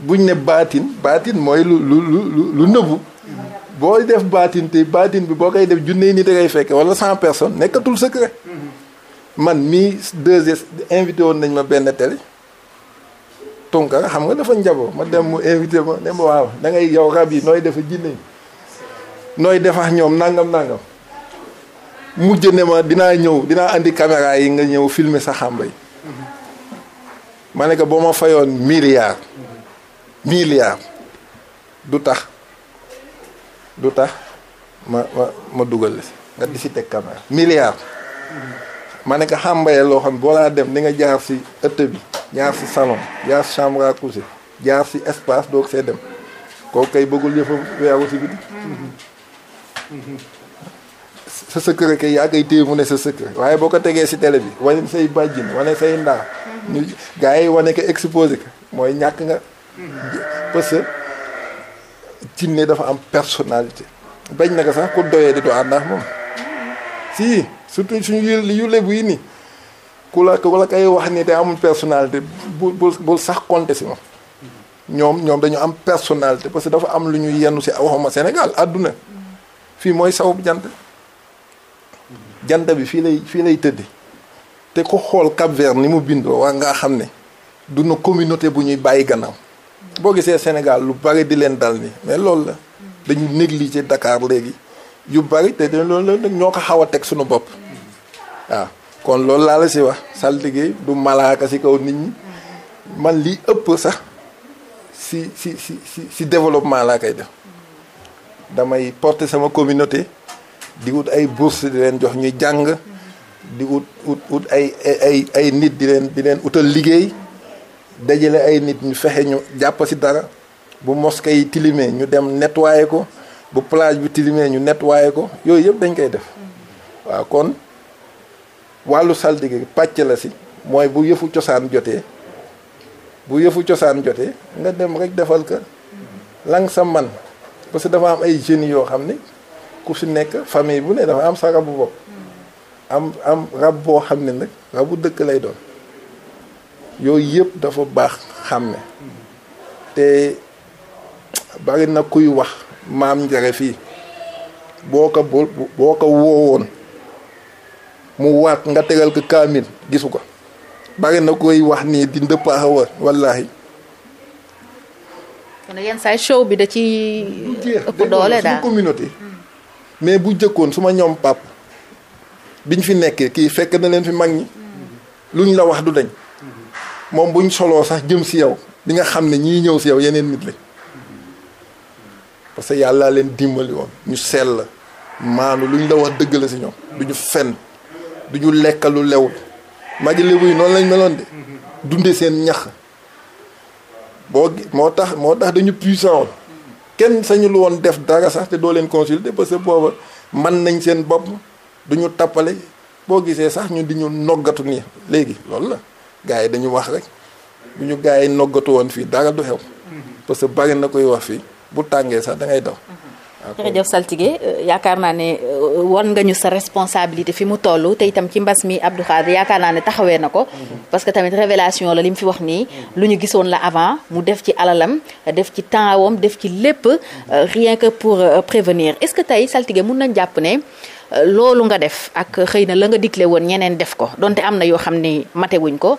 buñ ne baatin baatin mooy lu lu lu lu nëbbu boo def baatin te baatin bi boo koy def junne nit da ngay fekke wala cent personnes nekkatul secret man mii 2S invité woon nañ ma benn télé Tunkara xam nga dafa njaboo ma dem mu invité ma ne waaw da ngay yow rab yi nooy defa jinne nooy defax ñoom nangam nangam mujj ne ma dinaa ñëw dinaa indi caméra yi nga ñëw filmer sa xamba yi ma ne ko boo ma fayoon milliard milliards du tax du tax ma ma ma dugal si nga di si teg caméra milliards ma ne ko xàmbaye loo xam boo laa dem ni nga jaar si ëtt bi jaar si salon jaar chambre à jaar si espace doog see dem kooku bëggul yëfam weeru si biti sa secret kay yaa koy téye mu ne sa secret waaye boo ko tegee si tele bi wane say bàjjin wane say ndaa ñu gars yi wane ko exposé ko mooy ñàkk nga parce que jinne dafa am personnalité bañ na ko sax ku doyee di du ànd ak moom si surtout suñu yu yu lebu yi nii ku la ku la koy wax ni te amul personnalité bu bul sax compter si moom ñoom ñoom dañu am personnalité parce que dafa am lu ñu yenn si waxuma Sénégal àdduna fii mooy saw jant jant bi fii lay fii lay tëdd te ko xool Cap-Vert ni mu bindoo waa ngaa xam ne du na communauté bu ñuy bàyyi gannaaw boo gisee Sénégal lu bari di leen dal ni mais loolu la dañu négliger Dakar léegi yu bari te loolu la ñoo ko xaw a teg suñu bopp waaw kon loolu laa la si wax saltige du malaaka si kaw nit ñi man lii ëpp sax si si si si si développement laa kay def damay porter sama communauté di wut ay bourse di leen jox ñuy jàng di wut ut wut ay ay ay nit di leen di leen utal liggéey dajale ay nit ñu fexe ñu jàpp si dara bu mosquée yi tilimee ñu dem nettoyé ko bu plage bi tilimee ñu nettoyé ko yooyu yëpp dañ koy def waaw kon wàllu saltige pàcc la si mooy bu yëfu cosaan jotee bu yëfu cosaan jotee nga dem rek defal ko lang sa man parce que dafa am ay jeunes yoo xam ne ku si nekk famille bu ne dafa am sa bu bopp am am rab boo xam ne nag bu dëkk lay doon yooyu yëpp dafa baax xam xàmme te bari na kuy wax maam njare fii boo ko boo ko woowoon mu waat nga tegal ko kaamil gisu ko bari na koy wax nii di ndëppaaxawa wallaahi kon yenn saa show bi da ci ëpp communauté hmm. mais bu jëkkoon su ma ñoom pàpp biñ fi nekkee kii fekk na leen fi mag ñi hmm. luñ la wax du dañ moom buñ soloo sax jëm si yow li nga xam ne ñii ñëw si yow yeneen nit lañ parce que yàlla leen dimbali woon ñu sell maanu lu ñu la wax dëgg la si ñoom du ñu fen du ñu lekk lu lewul maji lébu noonu lañ meloon de dunde seen ñax boo moo tax moo tax dañu puissant woon kenn sañu woon def dara sax te doo leen consulter parce que booba man nañ seen bopp du ñu tappale boo gisee sax ñu di ñu noggatu nii léegi loolu la gars yi dañu wax rek bu ñu gars yi noggatu woon fii dara du xew parce que bari na koy wax fii bu tàngee sax da ngay daw. saltige euh, yaakaar naa ne euh, wan nga ñu sa responsabilité fi mu toll te itam ci mbas mi Abdou Khadre yaakaar naa ne taxawee na ko parce que tamit révélation la li mu fi wax nii lu ñu gisoon la avant mu def ci alalam def ci temps wam def ci lépp euh, rien que pour prévenir est-ce que tey saltige mun nañ jàpp ne loolu nga def ak xëy na la nga digle woon ñeneen def ko donte am na yoo xam ni matewuñ ko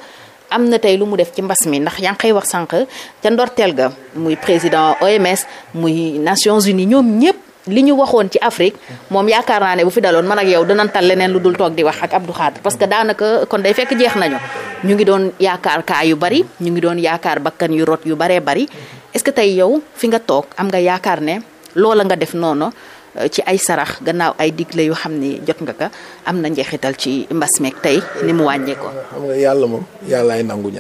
am na tey lu mu def ci mbas mi ndax yaa ngi koy wax sànq ca ndorteel ga muy président OMS muy Nations Unies ñoom ñëpp li ñu waxoon ci Afrique moom yaakaar naa ne bu fi daloon man ak yow danañ leneen lu dul toog di wax ak Abdou Khadre parce que daanaka kon day fekk jeex nañu ñu ngi doon yaakaar kaa yu bari ñu ngi doon yaakaar bakkan yu rot yu baree bari est-ce que tey yow fi nga toog am nga yaakaar ne loola nga def noonu Euh, ci ay sarax gannaaw ay digle yoo xam ni jot nga ka am na njeexital ci mbas meeg tey ni mu wàññee ko xam nga yàlla moom yàllaay nangu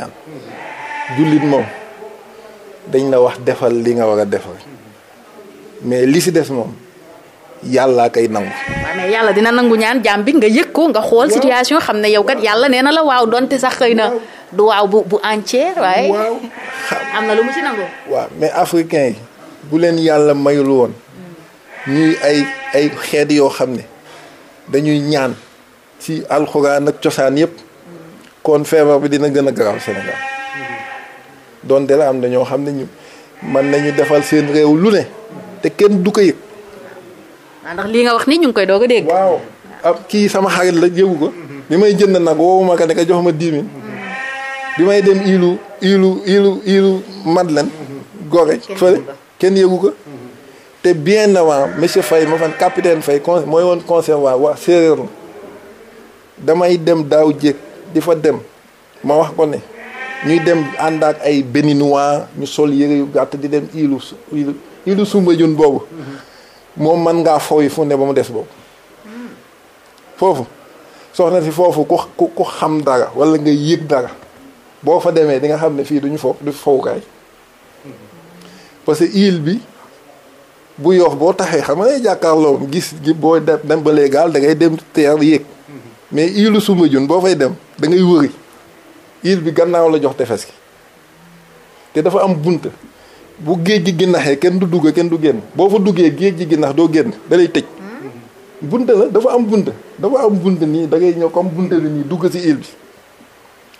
moom dañ la wax defal li nga war a defal mais li si des moom yàlla kay nangu. waaw mais dina nangu ñaan jaam nga yëg ko nga xool. situation xam ne yow kat yàlla nee na la waaw donte sax xëy na. du waaw bu bu waaye. am na lu mu ci nangu. waaw mais africain yi bu leen yàlla mayul woon. ñuy ay ay xeet yoo xam ne dañuy ñaan ci alxuraan ak cosaan yëpp kon feebar bi dina gën a garaaw Sénégal doon de la am na xam ne ñu man nañu defal seen réew lu ne te kenn du ko yëg. Ah, ndax nga wax ni ñu koy doog a waaw ab kii sama xarit la yëgu ko. bi may jënd nag woowu ko ne jox ma dix bi may dem ilu ilu ilu mat Madeleine. gore fële kenn yëgu ko. te bien avant monsieur Faye ma fan capitaine Faye con mooy woon conservoir waa séeréer damay dem daaw jéeg di fa dem ma wax ko ne ñuy dem ànd ak ay béninois ñu sol yére yu gàtt di dem ilu ilu ilu Soumbédioune boobu moom man ngaa faw yi fu ne ba mu des boobu foofu soxna si foofu ku ku xam dara wala nga yëg dara boo fa demee di nga xam ne fii duñu fo du fowukaay parce que bi bu yoof boo taxee xam nga day gis gi boo dem ba léegaal da ngay dem teer yéeg mais iilu Soumbédioune boo fay dem da ngay wëri iil bi gannaaw la jox tefes gi te dafa am bunt bu géej gi ginnaxee kenn du dugg kenn du génn boo fa duggee géej gi ginnax doo génn dalay lay tëj bunt la dafa am bunt dafa am bunt nii da ngay ñëw comme bunt bi nii dugg ci iil bi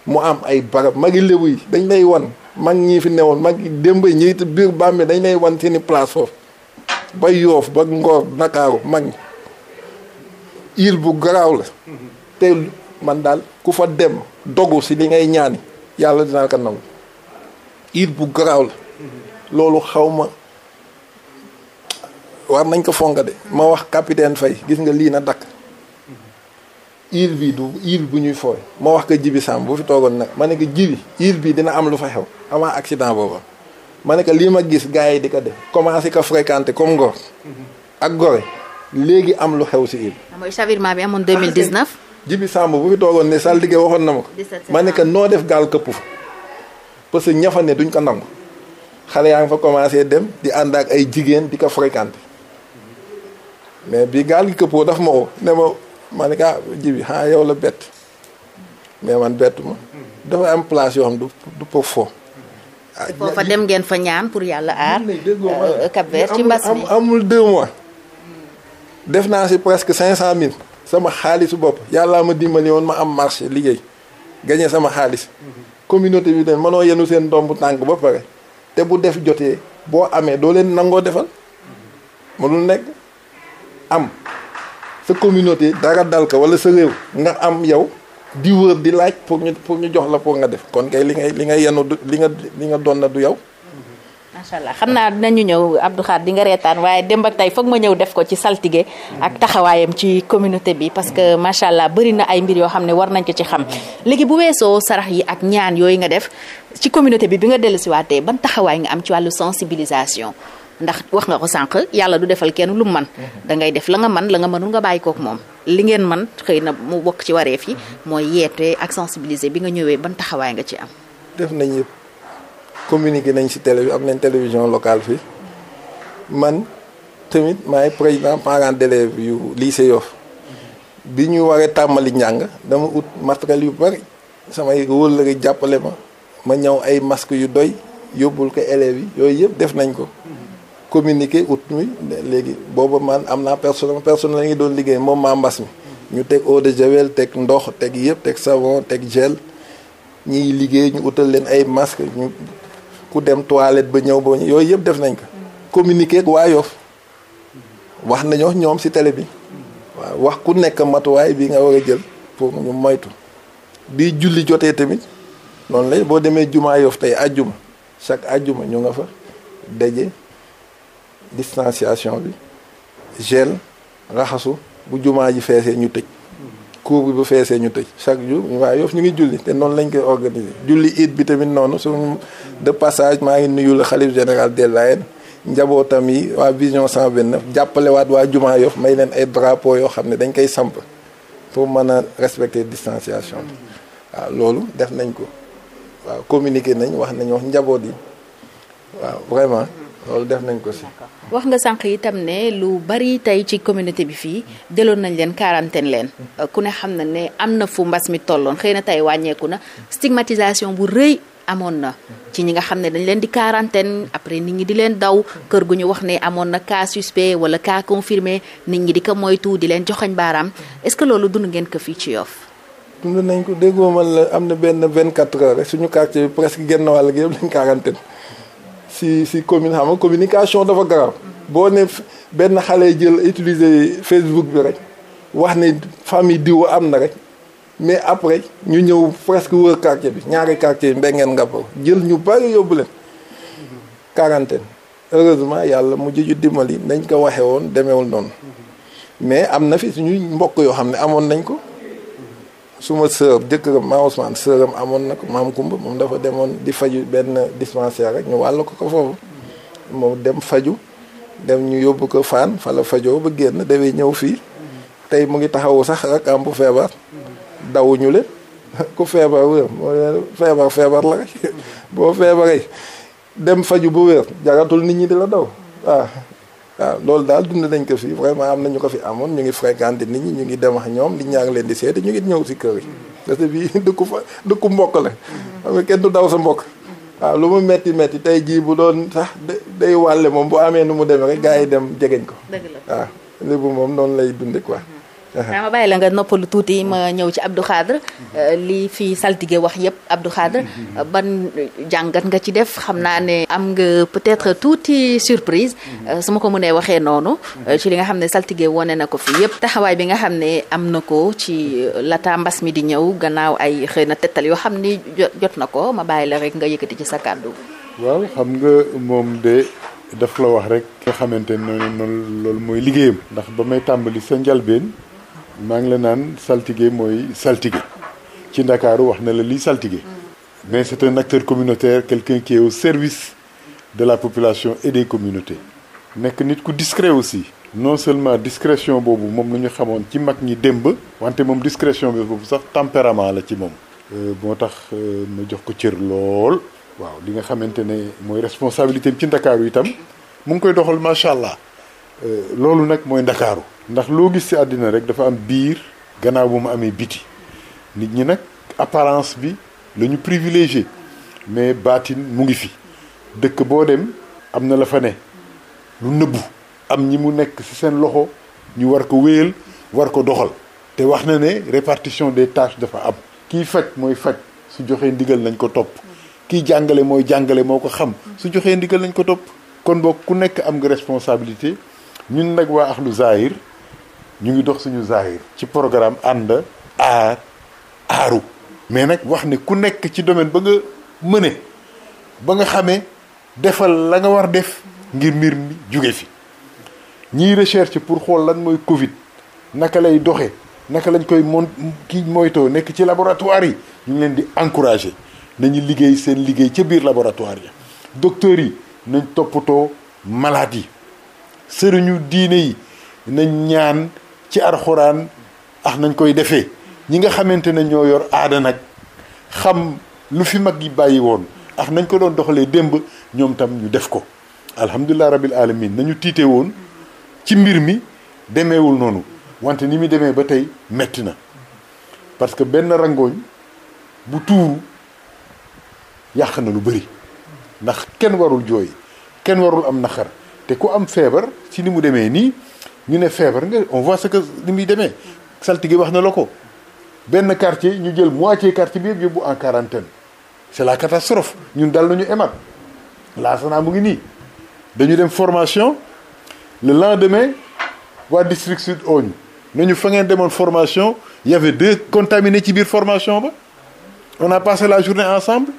mu am ay barab magi lébu yi dañ lay wan mag ñii fi newoon mag démb ñi biir bàmmi dañ lay wan seeni place ba yoof ba Ngor Ndakaaru mañ il bu garaaw la te man daal ku fa dem dogu si li ngay ñaani yàlla dinaa ko nangu il bu garaaw la loolu xaw ma war nañ ko fonka de ma wax capitaine fay gis nga lii na dakk île bi du île bu ñuy fooy ma wax ko Jibi Samb bu fi toogoon nag ma nekk ko Jibi île bi dina am lu fa xew avant accident booba ma ne que lii ma gis gars yi di ko def commencé ko fréquenter comme Ngor. ak Gorée léegi am lu xew si Ile. Ah, mooy chavirement bi amoon 2019. Ah, Jibi Samb bu fi toogoon ne saltige waxoon na ma ko. ma ne que noo def gaal këpp fa. parce que ñafa ne duñ ko nangu. xale yaa ngi fa commencé dem di ànd ak ay jigéen di ko fréquenter. mais bi gaal gi këppoo daf ma woo ne ma ma ne ah, Jibi ah yow la bett. mais man bettu ma. Hmm. am place yoo xam du du pour fo. foofa dem ngeen fa ñaan pour yàlla aar. Euh, Cap Vert ci mbas mi amul deux mois. def naa si presque cinq cent mille sama xaalisu bopp yàllaa ma dimbali woon ma am marché liggéey gañe sama xaalis. communauté bi leen mënoo yenu seen ndombu tànk ba pare te bu def jotee boo amee doo leen nangoo defal mënul nekk am sa communauté dara dal ko wala sa réew nga am yow. di wër di laaj pour ñu pour ñu jox la pour nga def kon kay li ngay li ngay yenu du li nga li nga doon du yow. macha allah xam naa ñu ñëw Abdou Khadre di nga reetaan waaye démb ak tey foog ma ñëw def ko ci saltige ak taxawaayam ci communauté bi parce que macha allah bëri na ay mbir yoo xam ne war nañ ko ci xam léegi bu weesoo sarax yi ak ñaan yooyu nga def ci communauté bi bi nga dellusiwaatee ban taxawaay nga am ci wàllu sensibilisation. ndax wax nga ko sànq yàlla du defal kenn lu man mhm. da ngay def la nga man la nga mënul nga bàyyi kook moom li ngeen man xëy na mu bokk ci wareef yi mhm. mooy yeete ak sensibiliser bi nga ñëwee ban taxawaay nga ci am def nañ yëpp communiqué nañ si télé bi am télévision locale fii man tamit maay président parent d'élèves yu lycée Yoff mhm. bi ñu waree tàmbali njàng dama ut matériel yu bari samay wóllëre jàppale ma ma ñëw ay masque yu doy yóbbul ko élèves yi yooyu yëpp def nañ ko communiqué ut mi léegi booba man am naa personne personne la ngi doon liggéey moom maa mbas mi ñu teg eau de javel teg ndox teg yëpp teg savon teg gel ñiy liggéey ñu utal leen ay masque ñu ku dem toilette ba ñëw ba yooyu yëpp def nañ ko communiqué ak waa Yoff wax nañoo ñoom ci tele bi waaw wax ku nekk matuwaay bi nga war a jël pour ñu moytu bi julli jotee tamit noonu lay boo demee jumaa Yoff tey ajjuma chaque ajjuma ñu nga fa daje distanciation bi gel raxasu bu jumaa ji feesee ñu tëj cour bu feesee ñu tëj chaque jour waa yoof ñu ngi julli te noonu lañ koy organiser julli it bi tamit noonu suñu de passage maa ngi nuyu la xalif général des Layènes njabootam yi waa vision 129 jàppalewaat waa jumaa yof may leen ay drapeau yoo xam ne dañ koy samp pour mën a respecter distanciation bi waa loolu def nañ ko waaw communiquer nañ wax nañu wax njaboot yi waaw vraiment loolu def nañ ko si. wax nga sànq itam ne lu bari tey ci communauté bi fii jëloon nañ leen quarantaine leen mm. ku ne xam na ne am na fu mbas mi tolloon xëy na tey wàññeeku na stigmatisation bu rëy amoon na ci ñi nga xam ne dañ leen di quarantaine après nit ñi di leen daw kër gu ñu wax ne amoon na cas suspect wala kaa confirmé nit ñi di ko moytu di leen joxañ baaraam est-ce que loolu dund ngeen ko fii ci Yoff dund nañ ko déggoo man la am na benn 24 heures si si commune xam nga communication dafa garaaw boo ne benn xale jël utiliser Facebook bi rek wax ne famille diw am na rek mais après ñu ñëw presque wër quartier bi ñaari quartier yi nga Ngaparou jël ñu bari yóbbu leen quarantaine heureusement yàlla mu juju dimbali nañ ko waxee woon demeewul noonu mais am na fi suñuy mbokk yoo xam ne amoon nañ ko su ma sœur jëkkëram maa Ousmane sœuram amoon nag maam Kumba moom dafa demoon di faju benn dispensaire rek ñu wàll ko ko foofu moom dem faju dem ñu yóbbu ko Fann fa la fajoo ba génn dawee ñëw fii tey mu ngi taxawu sax rek am bu feebar dawuñu le ku feebar wér moo leen feebar feebar la rek boo feebaree dem faju bu wér jaratul nit ñi di la daw ah. waaw loolu daal dund nañ ko fi vraiment am na ñu ko fi amoon ñu ngi fréquenté nit ñi ñu ngi dem ak ñoom di ñaar leen di seeti ñu ngi ñëw si kër yi. parce que bii dëkku fa dëkku mbokk la. xam kenn du daw sa mbokk. waaw lu mu metti metti tey jii bu doon sax day wàlle moom bu amee nu mu demee rek gars yi dem jegeñ ko. dëgg waaw léegi moom noonu lay dunde quoi. dama bàyyi la nga noppalu tuuti ma mm-hmm. ñëw ci Abdou Khadre euh, li fi saltige wax yëpp Abdou Khadre mm-hmm. ban jàngat nga ci def xam naa ne am nga peut-être tuuti surprise mm-hmm. euh, su ma ko mënee waxee noonu ci li nga xam ne saltige wone na ko fii yëpp taxawaay bi nga xam ne am na ko ci euh, lataa mbas mi di ñëw gannaaw ay xëy na tetal yoo xam ni jot na ko ma bàyyi la rekk nga yëkkati ci sa kàddu waaw xam nga moom de daf la wax rek nga xamante ne noonu loolu mooy liggéeyam ndax ba may tàmbali sa maa ngi la naan saltige mooy saltige ci ndakaaru wax na la lii saltige mais c'est un acteur communautaire quelqu'un qui est au service de la population et communauté communautés nekk nit ku discret aussi non seulement discrétion boobu moom la ñu xamoon ci mag ñi démb wante moom discrétion bi boobu sax tempérament la ci moom euh, moo tax euh, ma jox ko cër lool waaw li nga xamante ne mooy responsabilité ci ndakaaru itam mu ngi koy doxal macha allah Euh, loolu nag mooy ndakaaru ndax loo gis ci àddina rek dafa am biir gannaaw bu mu amee biti nit ñi nag apparence bi la ñu privilégié mais baatin mu ngi fi dëkk boo dem am na la fa ne lu nëbbu am ñi mu nekk ci seen loxo ñu war ko wéyal war ko doxal te wax na ne répartition des tâches dafa am kii faj mooy faj su joxee ndigal nañ ko topp kii jàngale mooy jàngale moo ko xam su joxee ndigal nañ ko topp kon boo ku nekk am nga responsabilité ñun nag waa Akhlu Zahir ñu ngi dox suñu Zahir ci programme ànd aar aaru mais nag wax ni ku nekk ci domaine ba nga mëne ba nga xamee defal la nga war def ngir mbir mi jóge fi ñiy recherche pour xool lan mooy Covid naka lay doxe naka lañ koy mon kii moytoo nekk ci laboratoire yi ñu leen di encourager nañu liggéey seen liggéey ca biir laboratoire ya docteurs yi nañ toppatoo malade yi sëriñu diine yi nañ ñaan ci arxuraan ax nañ koy defee ñi nga xamante ne ñoo yor aada nag xam lu fi mag yi bàyyi woon ax nañ ko doon doxalee démb ñoom tam ñu def ko alhamdulilah rabil alamin nañu tiite woon ci mbir mi demewul noonu wante ni mu demee ba tey metti na parce que benn rangooñ bu tuuru yàq na lu bëri ndax kenn warul jooy kenn warul am naxar te ku am feebar ci ni mu demee nii ñu ne feebar nga on voit que ni muy demee saltige wax na la ko benn quartier ñu jël moitié quartier bi yëpp yóbbu en quarantaine c'est la catastrophe ñun dal nañu emat laasanaa mu ngi nii dañu dem formation le lendemain waa district sud oñu ñu fa ngeen demoon formation il y avait deux contaminés ci biir formation ba on a passé la journée ensemble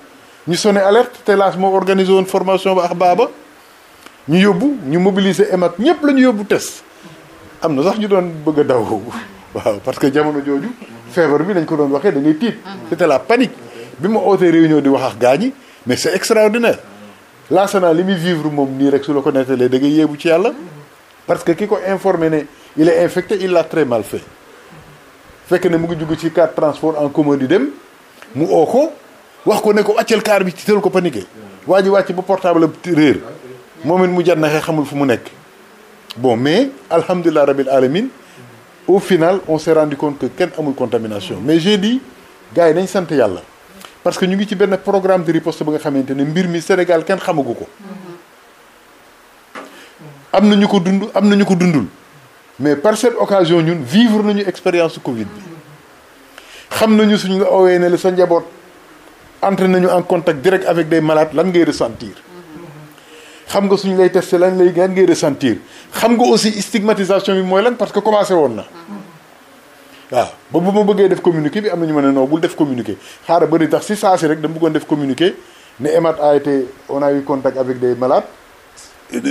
ñu sonné alerte te laas moo organisé woon formation ba ak baaba ñu yóbbu ñu mobiliser EMAD ñëpp la ñu yóbbu test am na sax ñu doon bëgg a daw waaw parce que jamono jooju feebar bi nañ ko doon waxee da ngay tiit c'était la panique bi ma ootee réunion di wax ak gaa ñi mais c'est extraordinaire laasanaa li muy vivre moom nii rek su la ko nettalee da ngay yéebu ci yàlla parce que ki ko informé ne il est infecté il l'a très mal fait fekk ne mu ngi jugg ci car transport en commun di dem mu oo ko wax ko ne ko accal bi ci teel ko paniqué waa ji wàcc ba portable réer moom it mu jànn xee xamul fu mu nekk bon mais alhamdulilah rabbil alamin au final on s'est rendu compte kenn amul contamination mais j'ai dit gars yi nañ sant yàlla parce que ñu ngi ci benn programme de riposte ba nga xamante ne mbir mi Sénégal kenn xamagu ko am na ñu ko dund am na ñu ko dundul mais par cette occasion ñun vivre nañu expérience Covid bi xam nañu suñu la owee ne la sa njaboot entre nañu en contact direct avec des malades lan ngay ressentir xam nga suñu lay testé lan lay lan ngay ressentir xam nga aussi stigmatisation bi mooy lan parce que commencé woon na waaw ba bu ma bëggee def communiqué bi am nañu ma ne non bul def communiqué xaaral bëri tax si saa si rek dama bëggoon def communiqué ne EMAD a été on a eu contact avec des malades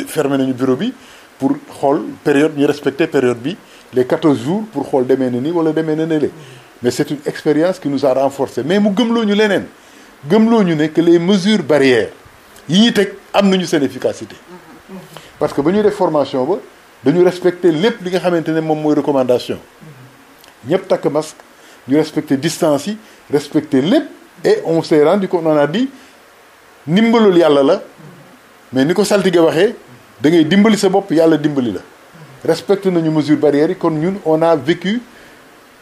fermé nañu bureau bi pour xool période ñu respecter période bi les 14 jours pour xool demee ni nii wala demee ne ne mais c'est une expérience qui nous mais mu gëmloo ñu leneen gëmloo ñu ne que les mesures yi ñuy teg am nañu seen efficacité parce que ba ñuy def formation ba dañu respecter lépp li nga xamante ne moom mooy recommandation ñëpp takk masque ñu respecter distance yi respecter lépp et on s'est rendu compte on a dit ndimbalul yàlla la mais ni ko saltige waxee da ngay dimbali sa bopp yàlla dimbali la respecte nañu mesures barrières yi kon ñun on a vécu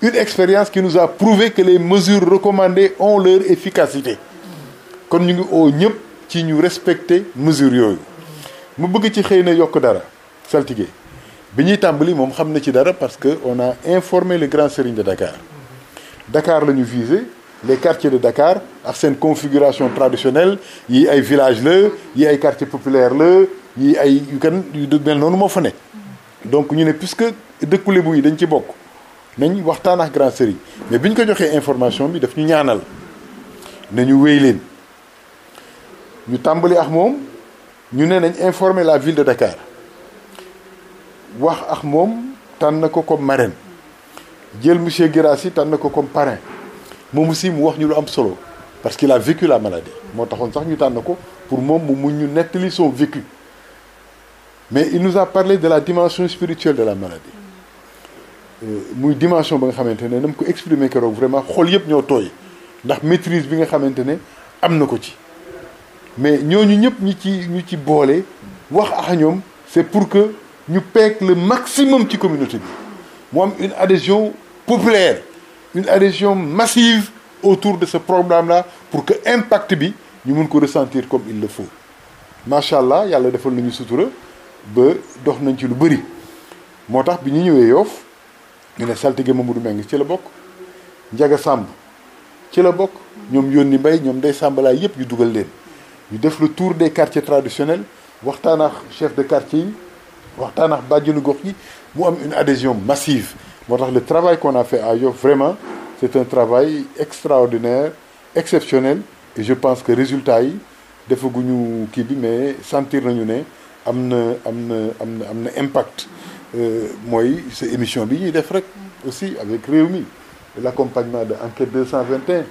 une expérience qui nous a prouvé que les mesures recommandées ont leur efficacité kon ñu ngi oo ñëpp ci ñu respecter mesure yooyu mu bëgg ci xëy na yokk dara saltige bi ñuy tàmbali moom xam na ci dara parce que on a informé le grands serigne de Dakar Dakar la ñu visé les quartiers de Dakar ak seen configuration traditionnelle yi ay village la yi ay quartier populaire la yi ay yu kan yu mel noonu moo fa nekk donc ñu ne puisque dëkku Lebu yi dañ ci bokk nañ waxtaan ak grand serigne mais bi ñu ko joxee information bi daf ñu ñaanal nañu wéy leen ñu tàmbali ak moom ñu ne nañ informer la ville de Dakar wax ak moom tànn ko comme marraine jël monsieur Guirassi tànn ko comme parrain moom aussi mu wax ñu lu am solo parce que la vécu la maladie moo taxoon sax ñu tànn ko pour moom mu mun ñu nettali son vécu mais il nous a parlé de la dimension spirituelle de la maladie euh, muy dimension ba nga xamante ne na mu ko exprimer keroog vraiment xool yëpp ñoo tooy ndax maitrise bi nga xamante ne am na ko ci. mais ñooñu ñëpp ñu ci ñu ci boole wax ak ñoom c'est pour que ñu peek le maximum ci communauté bi mu am une adhésion populaire une adhésion massive autour de ce programme là pour que impact bi ñu mun ko ressentir comme il le faut macha allah yàlla defal nañu sutura ba dox nañ ci lu bëri moo tax bi ñu ñëwee Yoff ñu ne saltige Mamadou Mbengue ci la bokk Njaga Sàmb ci la bokk ñoom yónni mbay ñoom day sàmbalaay yëpp ñu dugal leen ñu def le tour des quartiers traditionnels waxtaan chef de quartier yi waxtaan ak bàjjenu gox yi mu am une adhésion massive moo tax le travail qu'on a fait à vraiment c'est un travail extraordinaire exceptionnel et je pense que résultat yi defaguñu kii bi mais sentir nañu ne am na am na am na am na impact euh, mooy sa émission bi ñuy def rek aussi avec Rewmi l'accompagnement de Enquête de cent 221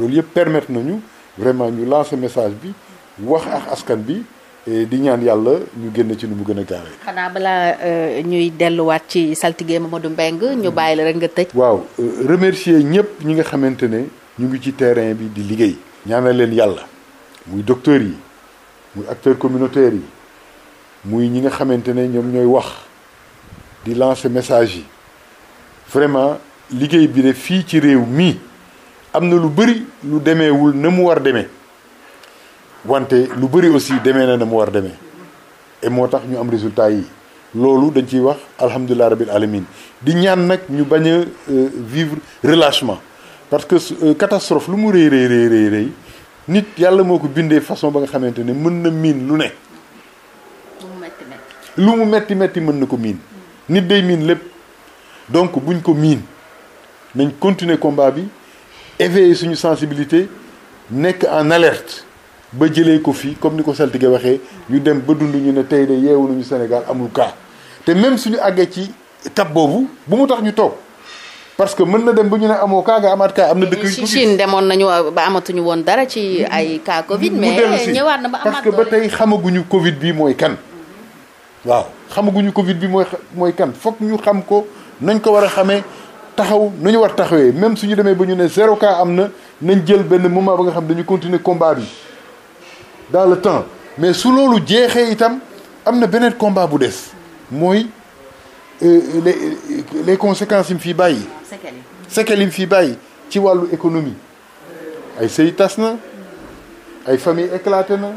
loolu yëpp permettre ñu vraiment ñu lancer message bi wax ak askan bi di ñaan yàlla ñu génn ci nu mu gën a gaawee. xanaa balaa euh, ñuy delluwaat ci saltige Mamadou Mbengue ñu mm. bàyyi la rek nga tëj. waaw euh, remercier ñëpp ñi nga xamante ne ñu ngi ci terrain bi di liggéey. ñaanal leen yàlla muy docteurs yi muy acteur communautaires yi muy ñi nga xamante ne ñoom ñooy wax di lancer message yi vraiment liggéey bi de fii ci réew mii am na lu bëri lu demeewul na mu war demee wante lu bëri aussi demee na na mu war demee et moo tax ñu am résultat yi loolu dañ ciy wax alhamdulilah rabbil alamin di ñaan nag ñu bañ a euh, vivre relâchement parce que euh, catastrophe lu mu rëy rëy rëy nit yàlla moo ko bindee façon ba nga xamante ni mën na miin lu ne lu mu metti metti mën na ko miin nit day miin lépp donc buñ ko miin nañ continuer combat bi éveiller suñu sensibilité nekk en alerte ba jëlee ko fii comme ni ko saltige waxee ñu dem ba dund ñu ne tey de yeewu nañu Sénégal amul cas te même suñu àggee ci étape boobu bu mu tax ñu toog parce que mën na dem ba ñu ne amoo cas nga amaat cas am na dëkk yu. Chine demoon nañu euh, ba amatuñu woon dara ci ay cas Covid. mais ñëwaat na ba parce que ba tey xamaguñu Covid bi mooy kan. Mhm. waaw xamaguñu Covid bi mooy mooy kan foog ñu xam ko nañ ko war a xamee. taxaw nu ñu war taxawee même suñu demee ba ñu ne zéro cas am na nañ jël benn moment ba nga xam dañu continuer combat bi dans le temps mais su loolu jeexee itam am na beneen combat bu des mooy euh, les euh, les conséquences yi fii bàyyi séquelles yi mu fii bàyyi ci wàllu économie ay sëy tas na ay famille éclaté na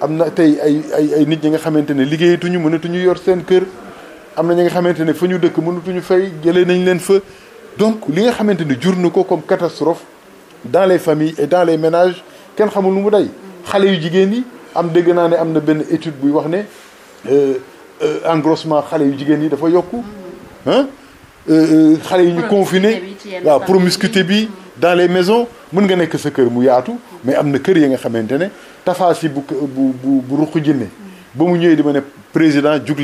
am na tey ay ay ay nit ñi nga xamante ne liggéeyatuñu ñu yor seen kër am na ñi nga xamante ne fa ñu dëkk ñu fay jëlee nañ leen fa donc li nga xamante ne jur na ko comme catastrophe dans les familles et dans les ménages kenn xamul lu mu day xale yu jigéen yi am dégg naa ne am na benn étude buy wax ne euh, euh, engrossement xale yu jigéen yi dafa yokku ah xale yu ñu confiné waaw promiscuité bi dans les maisons mën nga nekk sa kër mu yaatu mais am na kër yi nga xamante ne tafaas yi bu bu bu ruq jinne ba mu ñëwee di ma ne président jug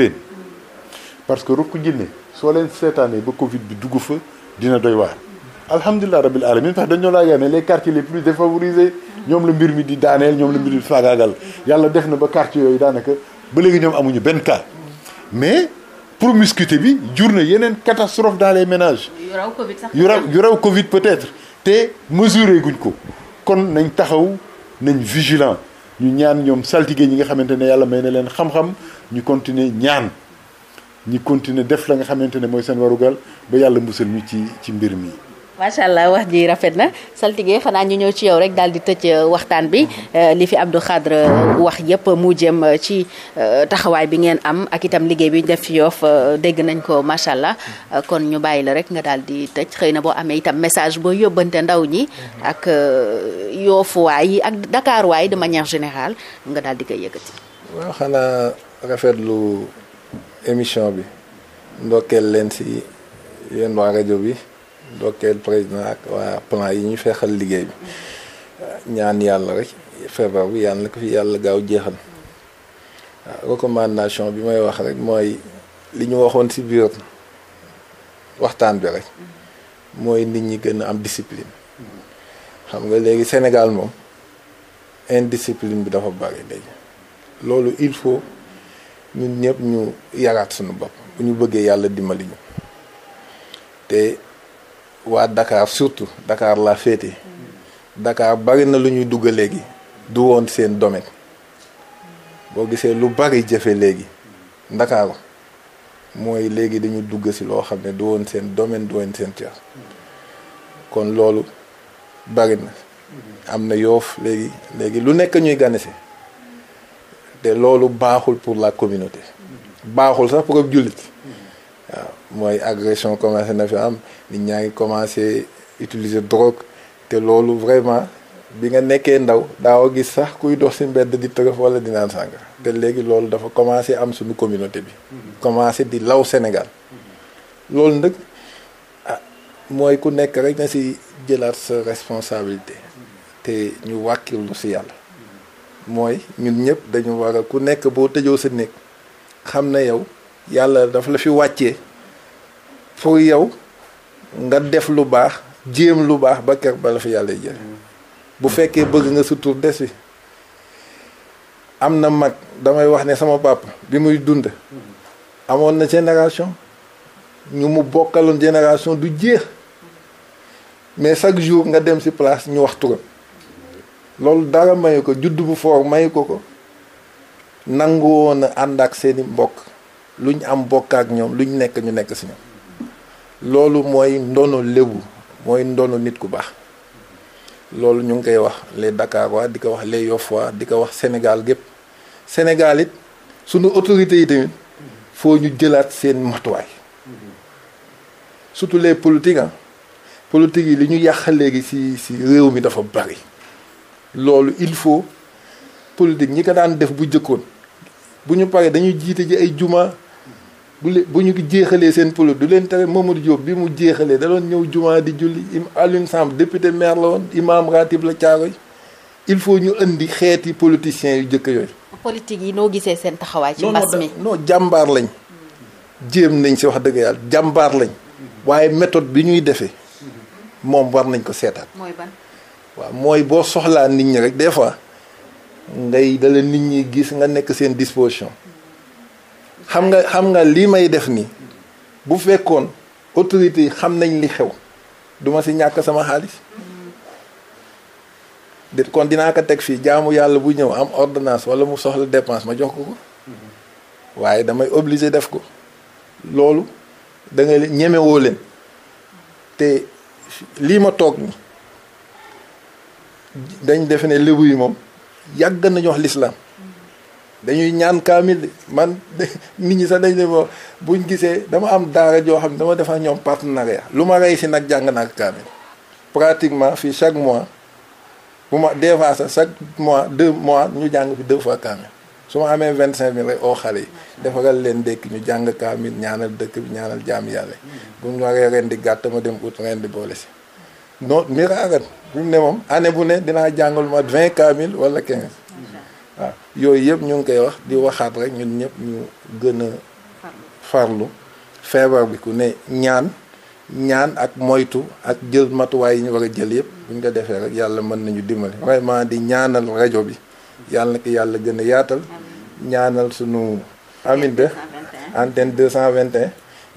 parce que rukk jinne soo leen seetaanee ba Covid bi dugg fa dina doy waar. alhamdulilah rabil alamin parce que dañoo laa yaay ne les quartiers les plus défavorisés ñoom la mbir mi di daaneel ñoom la mbir mi di faagaagal yàlla def na ba quartier yooyu daanaka ba léegi ñoom amuñu benn cas mais pour promiscuité bi jur na yeneen catastrophe dans les ménages. yu raw Covid sax peut-être te mesuré guñ ko kon nañ taxaw nañ vigilant ñu ñaan ñoom saltige ñi nga xamante ne yàlla may na leen xam ñu continuer ñaan. ñi continuer def la nga xamante ne mooy seen warugal ba yàlla musal ñu ci mbir mi. macha allah wax ji rafet na saltige xanaa ñu ñëw ci yow rek daal di tëj euh, waxtaan bi euh, li fi Abdou Khadre euh, wax yépp mu jëm ci taxawaay bi ngeen am ak itam liggéey bi def yoof dégg nañ ko macha allah kon ñu bàyyi la rek nga daal di tëj xëy na boo amee itam message boo yóbbante ndaw ñi ak yoofuwaay ak Dakar waay de manière général nga daal di koy yëkkati. waaw xanaa émission bi ndokkeel leen si yéen waa rajo bi ndokkeel président ak waa plan yi ñu feexal liggéey bi ñaan yàlla rek feebar bi yàlla na fi yàlla gaaw jeexal waaw recommandation bi may wax rek mooy li ñu waxoon si biir waxtaan bi rek mooy nit ñi gën a am discipline xam nga léegi Sénégal moom indiscipline bi dafa bari léegi loolu il faut ñun ñëpp ñu yaraat suñu bopp bu ñu bëggee yàlla dimbali ñu te waa Dakar surtout Dakar laa féete Dakar bari na lu ñuy dugg léegi du woon seen domaine boo gisee lu bari jëfe léegi Ndakaaru mooy léegi dañu dugg si loo xam ne du woon seen domaine du woon seen cër kon loolu bari am na yoof léegi léegi lu nekk ñuy si te loolu baaxul pour la communauté baaxul sax pour ab jullit waaw mooy agression commencé na fi am nit ñaa ngi commencé utiliser drogue te loolu vraiment bi nga nekkee ndaw daaw gis sax kuy dox ci mbedd di tërëf walla di naan sàngara te léegi loolu dafa commencé am suñu communauté bi commencé di law Sénégal loolu nag ah mooy ku nekk rek na si jëlaat sa responsabilité te ñu wàkkirlu ci yàlla mooy ñun ñëpp dañu war a ku nekk boo tëjoo sa néeg xam na yow yàlla dafa la fi wàccee pour yow nga def lu baax jéem lu baax ba kër ba la fi yàlla jël mm. bu fekkee bëgg nga sutur des fi am na mag damay wax ne sama papa bi muy dund mm. amoon na génération ñu mu bokkaloon génération du jeex mais chaque jour nga dem ci place ñu wax turam loolu dara mayu ko juddu bu foor mayu ko ko nangu woon a ànd ak seeni mbokk lu ñu am bokk ak ñoom lu ñu nekk ñu nekk si ñoom loolu mooy ndono lébu mooy ndono nit ku baax loolu ñu ngi koy wax les waa di ko wax les Yofois di ko wax Sénégal gépp Sénégal sunu autorité yi tamit foo ñu jëlaat seen matuwaay surtout les politiques ah politique yi li ñu yàq léegi si si réew mi dafa bari loolu il faut politique ñi ko daan def bu jëkkoon bu ñu paree dañuy jiite ji ay jumaa bu le bu ñu jeexalee seen politique du leen tere Mamadou Diop bi mu jeexalee daloon ñëw juma di julli Alioune Samb député maire la woon imam ratib la Caaroy il faut ñu indi xeeti politiciens yu jëkk yooyu. politique yi noo gisee seen taxawaay. ci mbas mi non jàmbaar lañ. jéem nañ si wax dëgg yàlla jàmbaar lañ. waaye méthode bi ñuy defee. moom war nañ ko seetaat. waaw mooy boo soxlaa nit ñi rek des fois ngay dala nit ñi gis nga nekk seen disposition xam nga xam nga lii may def nii bu fekkoon autorités yi xam nañ li xew duma si ñàkk sama xaalis de kon dinaa ko teg fii jaamu yàlla bu ñëw am ordonnance wala mu soxla dépense ma jox ko ko waaye damay obligé def ko loolu da nga ñemewoo leen te lii ma toog ni dañ defe ne lébu yi moom yàgg nañu wax lislaam dañuy ñaan kaamil de man nit ñi sax dañ ne bo buñ gisee dama am daara joo xam ne dama defar ñoom partenariat lu ma rey si nag jàng naa kaamil pratiquement fii chaque mois bu ma des fois sax chaque mois deux mois ñu jàng fi deux fois kaamil su ma amee vingt cinq mille rek oo xale yi defaral leen dëkk ñu jàng kaamil ñaanal dëkk bi ñaanal jaam yàlla bu ñu waree ren di gàtt ma dem ut ren di boole si non bu ne moom année bu ne dina jàngal ma vingt kaamil wala quinze waaw yooyu yëpp ñu ngi koy wax di waxaat rek ñun ñëpp ñu gën a farlu feebar bi ku ne ñaan ñaan ak moytu ak jël matuwaay yi ñu war a jël yëpp bu ñu ko defee rek yàlla mën nañu dimbali vraiment di ñaanal rajo bi yàlla na ko yàlla gën a yaatal ñaanal sunu amin de antenne 221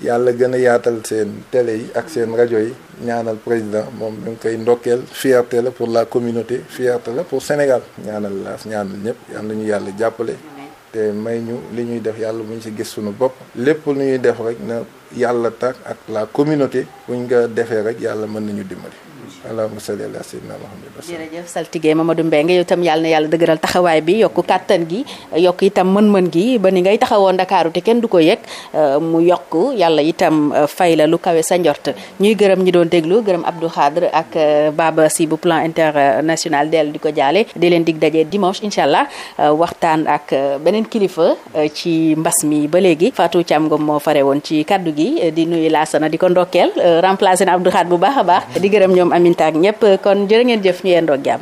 yàlla gën a yaatal seen télé yi ak seen rajo yi ñaanal président moom ñu ngi koy ndokkeel fierté la pour la communauté fierté la pour Sénégal ñaanal laas ñaanal ñëpp yal na ñu yàlla jàppale. te may ñu li ñuy def yàlla mu ñu ci gis suñu bopp lépp lu ñuy def rek na yàlla tax ak la communauté bu ñu ko defee rek yàlla mën nañu dimbali. allahumma salli ala sayyidina muhammad jërëjëf saltige Mamadou Mbengue yow itam yàlla na dëgëral taxawaay bi yokk kàttan gi yokk itam mën-mën gi ba ni ngay taxawoo ndakaaru te kenn du ko yëg euh, mu yokk yàlla itam euh, fay la lu kawe sa njort ñuy gërëm ñi doon déglu gërëm Abdou Khadre ak euh, Baba si bu plan international dellu di ko jaale di leen dig daje dimanche incha allah waxtaan ak beneen kilifa ci mbas mi ba léegi Fatou Thiam Ngom moo fare woon ci kaddu gi di nuyu Laasana di ko ndokkeel remplacé na Abdou aminta ak ñëpp kon jërë ngeen jëf ñu yendoog jàmm